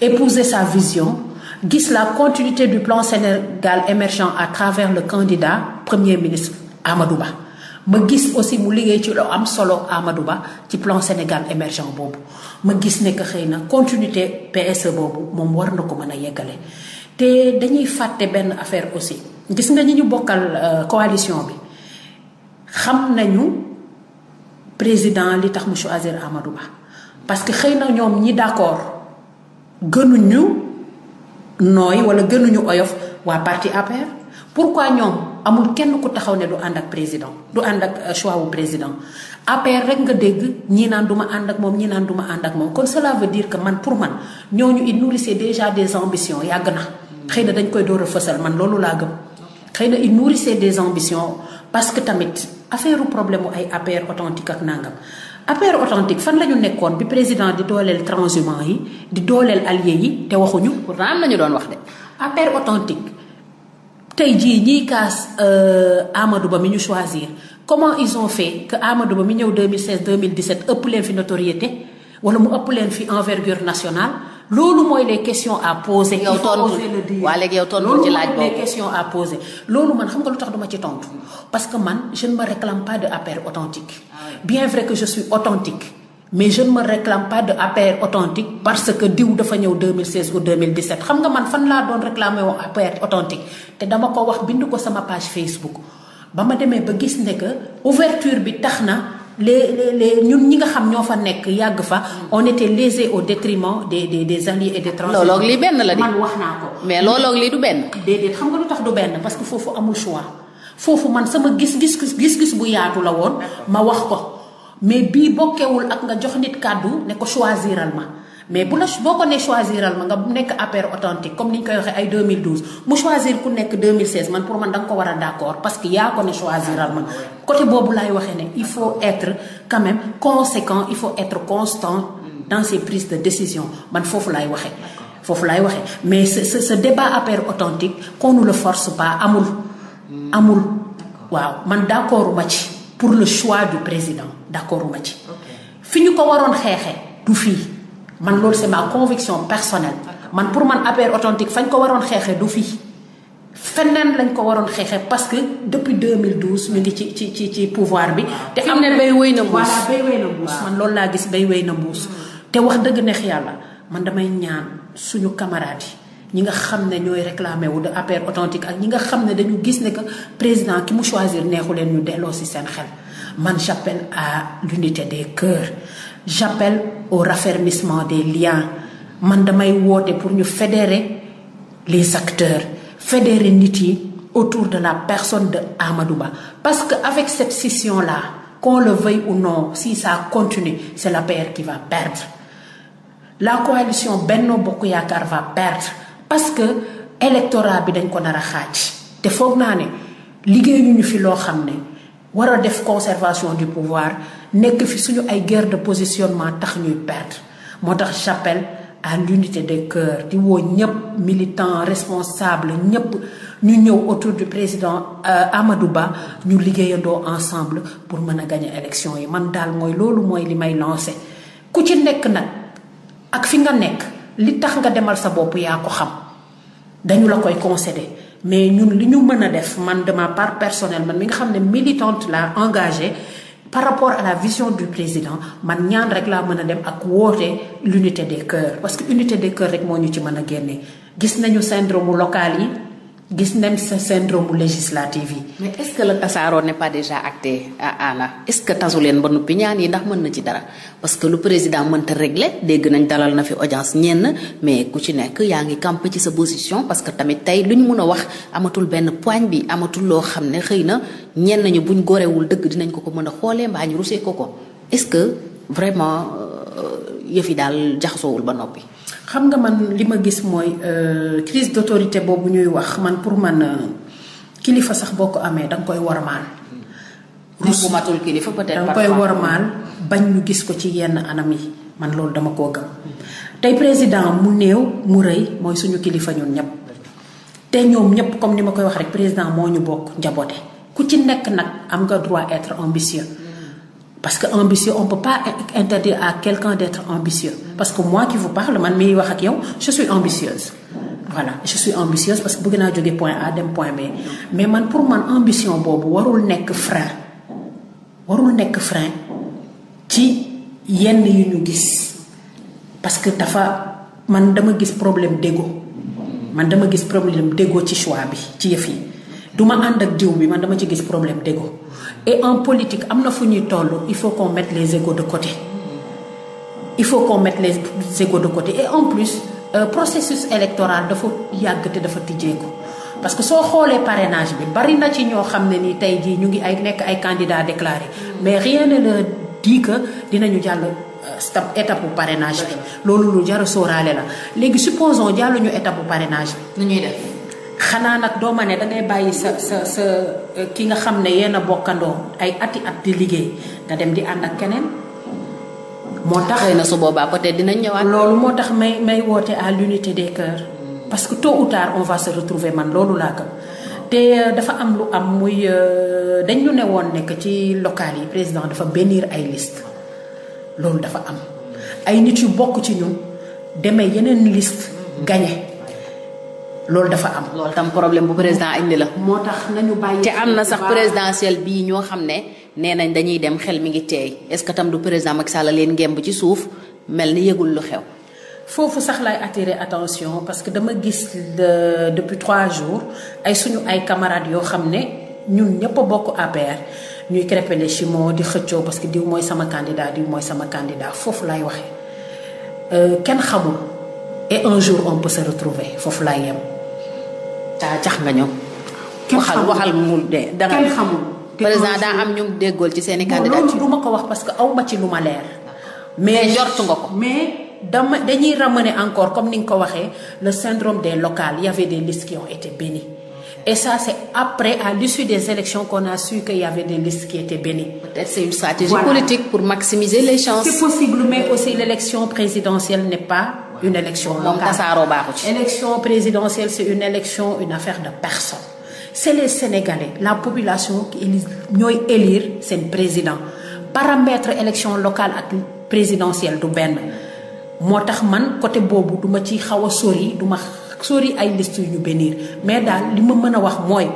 épouser sa vision gis la continuité du plan Sénégal émergent à travers le candidat premier ministre Amadou Ba ma gis aussi mu liggéey ci lu am solo Amadou Ba ci plan Sénégal émergent boobu ma gis ne que xëy na continuité PSE boobu moom war na ko mën a yeggale te dañuy fàtte benn affaire aussi gis nga ñi ñu bokkal euh, coalition bi xam nañu président li tax mu choisir Amadou Ba parce que xëy na ñoom ñi d'accord gënuñu nooy wala gënuñu oyof waa parti APR pourquoi ñoom amul kenn ku taxaw ne du ànd ak président du ànd ak euh, choix wu président APR rek nga dégg ñii naan du ma ànd ak moom ñii naan du ma ànd ak moom kon cela veut dire que man pour man ñooñu ils nourrissaient déjà des ambitions yàgg na. xëy na dañ koy door a fësal man loolu laa gëm. xëy na it nourrissaient des ambitions parce que tamit affaire problème mu ay APR authentique ak nangam. APR authentique fan la ñu nekkoon bi président di dooleel transhumant yi di dooleel alliés yi te waxuñu. pourtant am na ñu doon wax de. APR authentique tey jii ñiy kaas euh, Amadou Ba mi ñu choisir comment ils ont fait que Amadou Ba mi ñëw 2016 2017 ëpp leen fi notoriété wala mu ëpp leen fi envergure nationale. loolu mooy les questions à poser. le dire loolu à poser. loolu man xam nga lu tax duma ci tontu parce que man je ne me réclame pas de APR authentique ah bien vrai que je suis authentique mais je ne me réclame pas de APR authentique parce que diw dafa ñëw 2016 ou 2017 xam nga man fan laa doon réclamer woon APR authentique te dama ko wax bind ko sama page Facebook ba ma demee ba gis ne que ouverture bi tax na. les les les ñun ñi nga xam ñoo fa nekk yàgg fa on était lésés au détriment des des des alliés et des transférés. looloog lii benn la de man wax naa ko. mais looloog lii du benn. déedéet xam nga lu tax du benn parce que foofu amul choix foofu man sama gis-gis gis-gis bu yaatu la woon. ma wax ko mais bii bokkewul ak nga jox nit kàddu ne ko choisiral ma. mais bu la boo nekk affaire authentique comme ni ñu koy waxee ay 2012 mu choisir ku nekk 2016 man a d' accord parce que yaa ko ne choisiral ma côté boobu laay waxee faut être quand même conséquent il faut de décision man foofu laay waxee. foofu laay waxee mais ce ce débat affaire le force pas amul. amul waaw man d' accord ma ci pour le choix du président d' accord ma ci. fi ñu ko waroon xeexee du fii. man loolu c'est ma conviction personnelle man pour man APR authentique fañ ko waroon xeexee du fii feneen lañ ko waroon xeexee parce que depuis 2012 ñu ngi ci ci ci ci pouvoir bi. te am na bay wéy na mbuus voilà bay man loolu laa gis bay wéy na mbuus. te wax dëgg neex yàlla man damay ñaan suñu camarades yi. ñi nga xam ne ñooy réclamé wu de APR authentique ak ñi nga xam ne dañu gis ne que président ki mu choisir neexu leen ñu delloo si seen xel man j'appelle à l'unité des j'appelle au raffermissement des liens man damay woote pour ñu fédérer les acteurs fédérer nit yi autour de la personne de Amadou Ba parce que avec cette scission là qu'on le veuille ou non si ça continue c'est la PR qui va perdre la coalition Benno Bokk Yaakaar va perdre parce que électorat bi dañ ko nar a xàcc te foog naa ne liggéeyuñu fi loo xam ne war a def conservation du pouvoir nekk fi suñu ay guerre de positionnement tax ñuy perdre moo tax j'appelle à l'unité de cœurs di woo ñëpp militant responsable ñëpp ñu ñëw autour du président euh, amadu Ba ñu liggéeyandoo ensemble pour mën a gagner élection yi man daal mooy loolu mooy li may lancé ku ci nekk nag ak fi nga nekk li tax nga demal sa bopp yaa ko xam dañu la koy concéder mais ñun li ñu mën a def man de part personnelle man mi nga xam ne militante la engagée par rapport à la vision du président man ñaan rek laa mën a dem ak woote l'unité des cœurs parce que unité des cœurs rek moo ñu ci mën a génne gis nañu syndrome local yi gis nañ sa syndrome bu législative yi. mais est-ce que le tasaaroo ne pas déjà acté à Anna est-ce que tasu leen ba noppi ñaan yi ndax mën na ci dara parce que lu président mënta régler dégg nañ dalal na fi audience ñenn mais ku ci nekk yaa ngi campé ci sa position parce que tamit tey lu ñu mën a wax amatul benn poigne bi amatul loo xam ne xëy na ñenn ñu buñ gorewul dëgg dinañ ko ko mën a xoolee mbaa ñu rusee ko ko est-ce que vraiment euh, yëf yi daal jaxasoowul ba noppi. xam nga man li ma gis mooy euh, crise d'autorité boobu ñuy wax man pour man euh, kilifa sax boo ko amee da nga koy warmaal. rus bu matul kilifa peut-être da nga koy warmaal bañ ñu gis ko ci yenn anam yi man loolu dama koo gëm. tey président mu néew mu rëy mooy suñu kilifa ñun ñëpp. te ñoom ñëpp comme ni ma koy wax rek président moo ñu bokk njaboote ku ci nekk nag am nga droit être ambitieux. parce que ambitieux on peut pas interdire à quelqu'un d'être ambitieux parce que moi qui vous parle man miy wax ak yow je suis ambitieuse voilà je suis ambitieuse parce que bëgg naa jóge point A dem point B mais man pour man ambition boobu warul nekk frein warul nekk frain ci yenn yu ñu gis parce que dafa man dama gis problème d'ego man dama gis problème d'ego ci choix bi ci yëf yi du ma ànd ak diw bi man dama ci gis problème déggo et en politique am na fu ñuy toll il faut qu'on mette les égos de côté il faut qu'on mette les égos de côté et en plus euh, processus électoral dafa yàgg te dafa tijjee ko parce que soo xoolee parenage bi bari na ci ñoo xam ne ni tey jii ñu ngi ay nekk ay candidats déclarés mais rien ne leur dit que dinañu jàll euh, stap étape bu bi. loolu lu jar a sóoraale la léegi supposon jàlluñu ñu bu parrainage bi. nu ñuy def. xanaa nag doo ma ne da bàyyi sa sa sa euh, ki nga xam ne yéen a bokkandoo ay ati at di liggéey nga dem di ànd ak keneen. moo tax xëy na su boobaa peut dinañ ñëwaat. loolu moo tax may may woote à l'unité des cœurs parce que tôt ou tard on va retrouver man loolu laa gëm te euh, dafa am lu am muy euh, dañ ñu ne woon nekk ci local yi président dafa bénir ay liste loolu dafa am ay nit yu bokk ci ñun demee yeneen liste mhm. gagné loolu dafa am. loolu tam problème bu président indi la. moo tax nañu te am na sax présidentielle bii ñoo xam ne nee nañ dañuy dem xel mi ngi teey est-ce que tam du président Macky Sall leen ngemb ci suuf mel ni yëgul lu xew. foofu sax lay attirer attention parce que dama gis depuis trois jours ay suñu ay camarades yoo xam ne ñun ñëpp bokk APR ñuy crêper les chemins di xëccoo parce que diw mooy sama candidat diw mooy sama candidat foofu lay waxee euh, kenn xamul et un jour on peut se foofu lay yem. caacax nga ñoom. waxal waxal mu de danga kenn xamul. président daa am ñu déggool ci seen i candidature ma ko wax parce que aw ma ci lu ma leer. mais jort nga ko mais. dama dañuy ramener encore comme ni nga ko waxee le syndrome des locales il y avait des listes été bénies et ça c'est après à l'issue des élections qu'on a su qu'il y avait des listes qui étaient pour maximiser les chances. l'élection présidentielle n'est pas. une élection locale moom tasaaroo baaxu ci. élection présidentielle c'est une élection une affaire de personne c'est les Sénégalais la population qui élise ñooy élire seen président paramètre élection locale ak présidentielle du benn moo tax man côté boobu duma ci xaw a sori duma sori ay liste yu ñu bénir mais daal li ma mën a wax mooy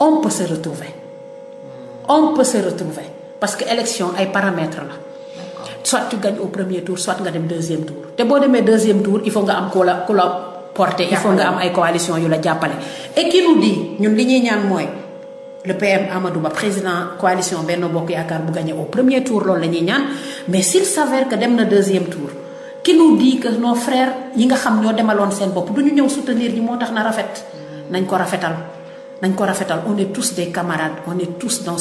on peut se retrouver on peut se retrouver parce que élection ay paramètres la. soit tu gagnes au premier tour soit nga dem deuxième tour te boo demee deuxième tour il faut nga am ku la ku il faut nga am ay coalition yu la jàppale et ñun li ñuy ñaan mooy le PM Amadou Ba président coalition benn Bokk Yaakaar bu gagné au premier tour loolu la ñuy ñaan mais s'il s'avère que dem na deuxième tour qui nous dit que nos yi nga xam ñoo demaloon seen bopp du ñu ñëw soutenir ñi moo tax na rafet nañ ko rafetal nañ ko rafetal on est tous des camarades on est tous dans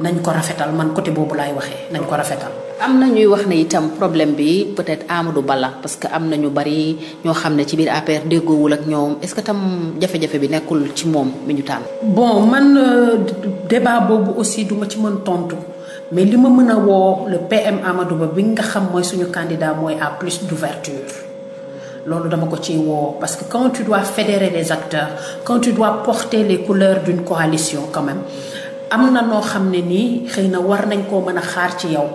nañ ko rafetal man côté boobu laay waxee nañ ko rafetal. am na ñuy wax ne itam problème bi peut-être Amadou Ba parce que am na ñu bari ñoo xam ne ci biir APR déggoowul ak ñoom est-ce que tam jafe-jafe bi nekkul ci moom mi ñu tànn. bon man euh, débat boobu aussi duma ci mën tontu mais li ma mën a woo le PM Amadou Ba bi nga xam mooy suñu candidat mooy à plus d'ouverture loolu dama ko ciy woo parce que quand tu dois fédérer les acteurs quand tu dois porter les couleurs d'une coalition am na noo xam ne nii xëy na war nañ koo mën a xaar ci yow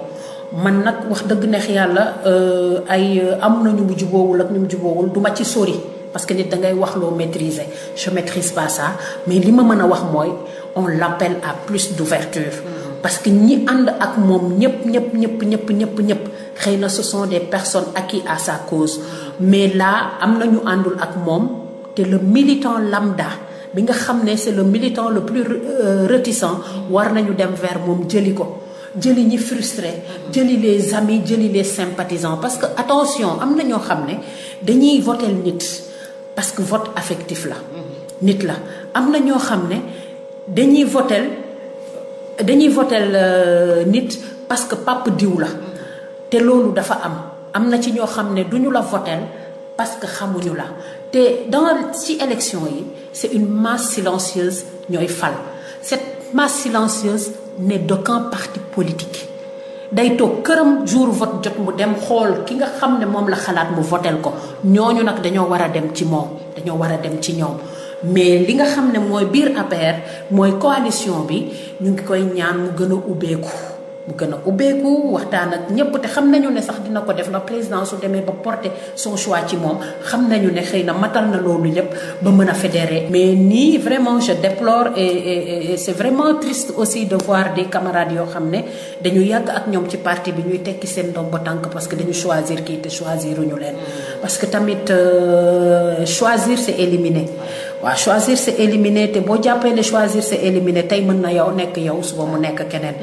man nag wax dëgg neex yàlla euh, ay euh, am na ñu mu juboowul ak ñu mu juboowul duma ci sori parce que nit da ngay wax loo maîtriser je maîtrise mais li ma mën a wax mooy on l'appelle à plus d'ouverture mm-hmm. parce que ñi ànd ak moom ñëpp ñëpp ñëpp ñëpp ñëpp ñëpp xëy na ce sont des personnes ak i sa cause mm-hmm. mais là am na ñu àndul ak moom te le militant lambda bi nga xam ne c'est le militant le plus euh, réticent war nañu dem vers moom jëli ko jëli ñi frustré jëli les amis jëli les sympathisants parce que attention am na ñoo xam ne dañuy votel nit parce que vote affectif la nit la am na ñoo xam ne dañuy votel dañuy votel euh, nit parce que pap diw la te loolu dafa am am na ci ñoo xam ne duñu la votel parce que xamuñu la te dans ci élection yi c'est une masse silencieuse ñooy fal cette masse silencieuse n'est d'aucun parti politique day toog këram jour vote jot mu dem xool ki nga xam ne moom la xalaat mu voteel ko ñooñu nag dañoo war a dem ci moom dañoo war a dem ci ñoom mais li nga xam ne mooy biir APR mooy coalition bi ñu ngi koy ñaan mu gën a ubbeeku mu gën a ubbeeku waxtaan ak ñëpp te xam nañu ne sax dina ko def ndax président su demee ba porter son choix ci moom xam nañu ne xëy na matal na loolu yëpp ba mën a fédérer. mais nii vraiment je déplore et et c'est vraiment triste aussi de voir des camarades yoo xam ne dañu yàgg ak ñoom ci parti bi ñuy tekki seen doom ba tànk parce que dañu choisir kii te uñu leen. parce que tamit euh, choisir c'est éliminer. waa choisir c'est éliminer te boo jàppee ne choisir c'est éliminer tey mën na yow nekk yow suba mu nekk keneen.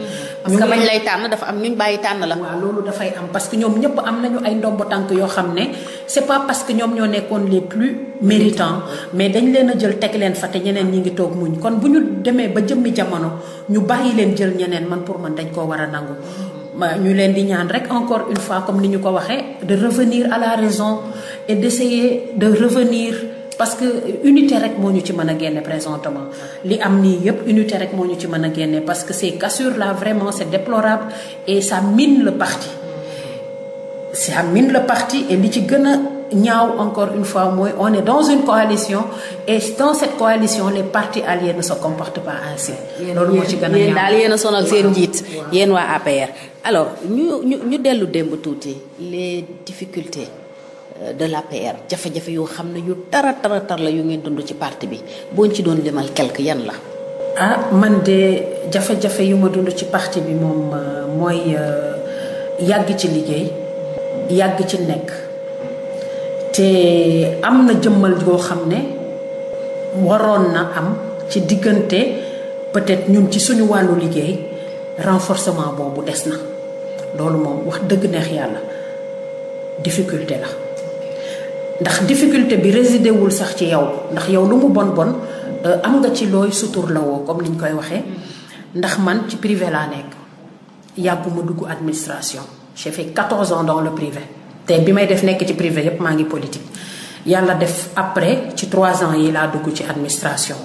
nga que bañ lay tànn dafa am ñu bàyyi tànn la. waaw loolu dafay am parce que ñoom ñëpp am nañu ay ndombo tànk yoo xam ne c'est pas parce que ñoom ñoo nekkoon le plus méritants mais dañ leen a jël teg leen fa te ñeneen ñi ngi toog muñ kon bu ñu demee ba jëmmi jamono ñu bàyyi leen jël ñeneen man pour man dañ koo war a nangu. ñu leen di ñaan rek encore une fois comme ni ñu ko waxee de revenir à la raison et d'essayer de revenir. parce que unité rek moo ñu ci mën a génne présentement li am nii yëpp unité rek moo ñu ci mën a génne parce que cest cassures là vraiment c'est déplorable et ça mine le parti ça min le parti et li ci gën a ñaaw encore une fois mooy on est dans une coalition et dans cette coalition les parti alliés ne sa comportent pas ainsi. loolu moo ci gën a ñaaw yéen daal yéen a seen njiit yéen waa APR. alors ñu ñu ñu dellu démb tuuti les difficultés. de l'APR jafe-jafe yoo xam ne yu tara tara tar la yu ngeen dundu ci parti bi boo ci doon limal quelque yan la. ah man de jafe-jafe yu ma dund ci parti bi moom euh, mooy euh, yàgg ci liggéey yàgg ci nekk te am na jëmmal goo xam ne waroon na am ci diggante peut-être ñun ci suñu wàllu liggéey renforcement boobu des na loolu moom wax dëgg neex yàlla difficulté la. ndax difficulté bi résidé wul sax ci yow ndax yow lu mu bon bon euh, am nga ci looy sutur la woo comme ñu koy waxee ndax man ci privé laa nekk yàgguma dugg administration j'ai fait 14 ans dans le privé te bi may def nekk ci privé yépp maa ngi politique yàlla def après ci trois ans yi laa dugg ci administration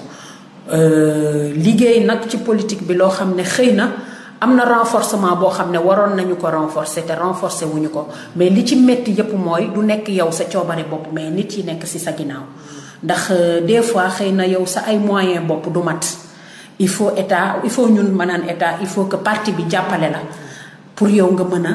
euh, liggéey nag ci politique bi loo xam ne xëy na am na renforcement boo xam ne waroon nañu ko renforcer te renforcer wuñu ko mais li ci métti yëpp mooy du nekk yow sa coobare bopp mais nit yi nekk si sa ginnaaw ndax euh, des fois xëy na yow sa ay moyen bopp du mat il faut état il faut ñun mënaan état il faut que parti bi jàppale la pour yow nga mën a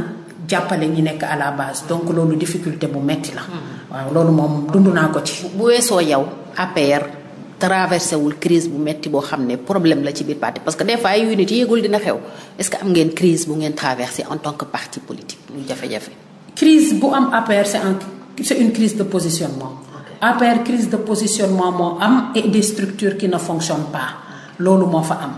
jàppale ñi nekk à la base donc loolu difficulté bu metti la. Hmm. waaw loolu moom dund naa ko ci. bu weesoo yow APR. traversé wul crise bu metti boo xam ne problème la ci biir parti parce que des fois yu yéegul dina xew est-ce que am ngeen crise bu ngeen traversé en tant que parti politique muy jafe-jafe. crise bu am APR c'est un c'est une crise de positionnement. APR crise de positionnement moo am et des structures qui ne fonctionnent pas loolu moo fa am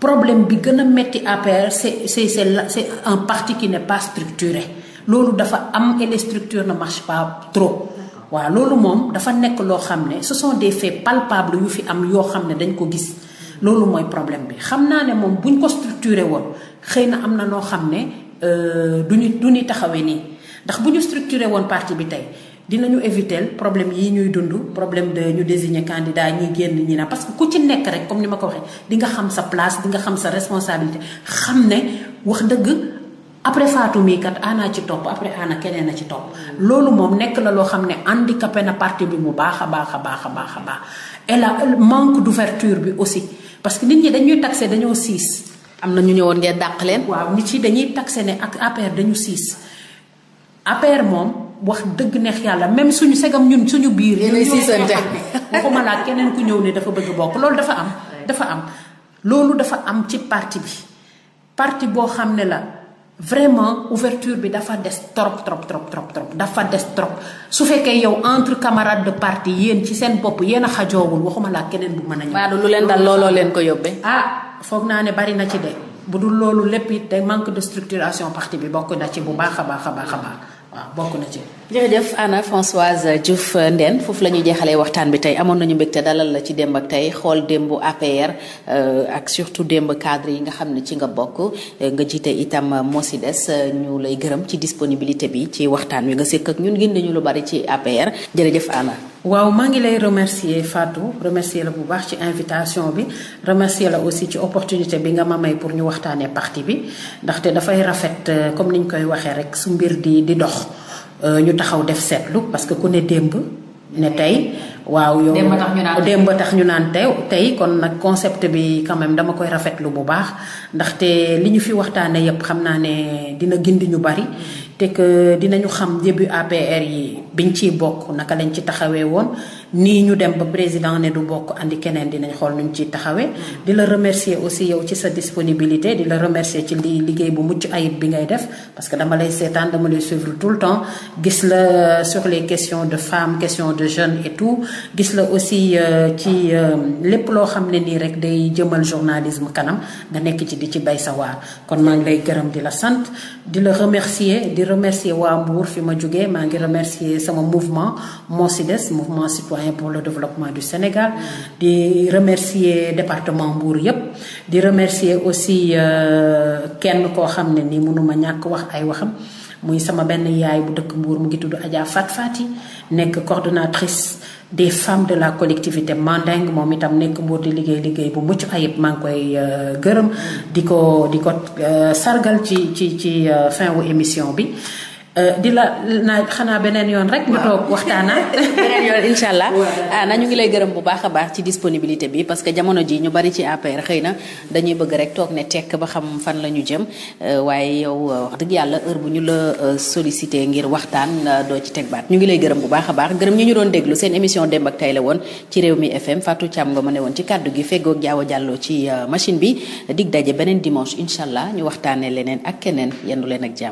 problème bi gën a metti APR c'est c'est c'est un parti qui n'est pas structuré loolu dafa am et les structures ne marchent pas trop. waaw loolu moom dafa nekk loo xam ne ce sont des faits palpables yu fi am yoo xam ne dañ ko gis loolu mooy problème bi xam naa ne moom buñ ko structuré woon xëy na am na noo xam ne euh, du ñu du ñu taxawee nii ndax bu ñu structuré woon parti bi tey dinañu éviter problème yi ñuy dund problème de ñu désigner candidat ñi génn ñi na parce que ku ci nekk rek comme ni ma ko waxee di nga xam sa place di nga xam sa responsabilité xam ne wax dëgg. après Fatou mii kat ana ci topp après ana keneen a ci topp loolu moom nekk la loo xam ne handicapé na parti bi bu baax a baax a baax a baax a baax et la manque d'ouverture bi aussi parce que nit ñi dañuy taxé dañoo siis. am na ñu ñëwoon ngeen dàq leen. waaw nit yi dañuy taxé ne ak APR dañu siis APR moom wax dëgg neex yàlla même suñu segam ñun suñu biir. yéenay siisante waxuma laa keneen ku ñëw ne dafa bëgg bokk loolu dafa am. dafa am loolu dafa am ci parti bi parti boo xam ne la. vraiment ouverture bi dafa des trop trop trop trop trop dafa des trop su fekkee yow entre camarades de parti yéen ci seen bopp yéen a xajoowul waxuma laa keneen bu mën a. ñëw lu leen dal looloo leen ko yóbbee. ah foog naa ne bari na ci de bu dul loolu lépp it te manque de structuration parti bi bokk na ci bu baax a baax a baax a baax waaw bokk na ci. jërëjëf Anna Françoise Diouf Ndène foofu la ñuy jeexalee waxtaan bi tey amoon nañu te dalal la ci démb ak tey xool démbu APR euh, ak surtout démb cadre yi nga xam ne ci nga bokk euh, nga jiite itam moo si des ñu lay gërëm ci disponibilité bi ci waxtaan wi nga sekk ak ñun gindi ñu lu bari ci APR jërëjëf Anna. waaw maa ngi lay remercier Fatou remercier la bu baax ci invitation bi remercier la aussi ci opportunité bi nga ma may pour ñu waxtaanee parti bi ndaxte dafay rafet euh, comme niñ koy waxee rek su mbir di di dox. Euh, ñu taxaw def seetlu parce que ku ne démb ne tey waaw yow démb tax ñu naan tey tey kon nag concept bi quand dama koy rafetlu bu baax ndaxte li ñu fi waxtaane yépp xam naa ne dina gind ñu bari te que dinañu xam début APR yi biñ ciy bokk naka lañ ci taxawee woon nii ñu dem ba président ne du bokk andi keneen dinañ xool nuñ ciy taxawee. Mm. di la remercier aussi yow ci sa disponibilité di la remercier ci li liggéey bu mucc ayib bi ngay def parce que dama lay seetaan dama lay suivre tout le temps gis la euh, sur question de femme questions de jeune et tout gis la aussi euh, ci euh, lépp loo xam ne nii rek day jëmal journalisme kanam nga nekk ci di ci bay sa waar kon maa ngi lay gërëm di la sant di la remercier di remercier waa Mbour fi ma jógee maa ngi remercier sama mouvement moo citoyen pour le du Sénégal di remercier département Mbour yëpp di remercier aussi euh, kenn koo xam ne ni mënuma ñàkk wax ay waxam muy sama benn yaay bu dëkk mbuur mu ngi tudd Adja Fat Fati nekk coordonnatrice des femmes de la collectivité manding moom itam nekk Mbour di liggéey liggéey bu mucc ayib maa ngi koy euh, gërëm di ko di ko euh, sargal ci ci ci fin wu émission bi Euh, di la xanaa beneen yoon rek. ñu toog waxtaanaat. Ah. beneen yoon incha allah. Ah, na ñu ngi lay gërëm bu baax a baax ci disponibilité bi parce que jamono ji ñu bari ci APR xëy na dañuy bëgg rek toog ne tekk ba xam fan la ñu jëm euh, waaye yow euh, wax dëgg yàlla heure bu ñu la sollicité ngir waxtaan doo ci teg baat ñu ngi lay gërëm bu baax a baax gërëm ñu ñu doon déglu seen émission démb ak tay la woon ci réew mi FM Fatou Thiam nga ma ne woon ci kàddu gi feggoog jaaw jàlloo ci machine bi dig daje beneen dimanche incha allah ñu waxtaanee leneen ak keneen yendu leen ak jàmm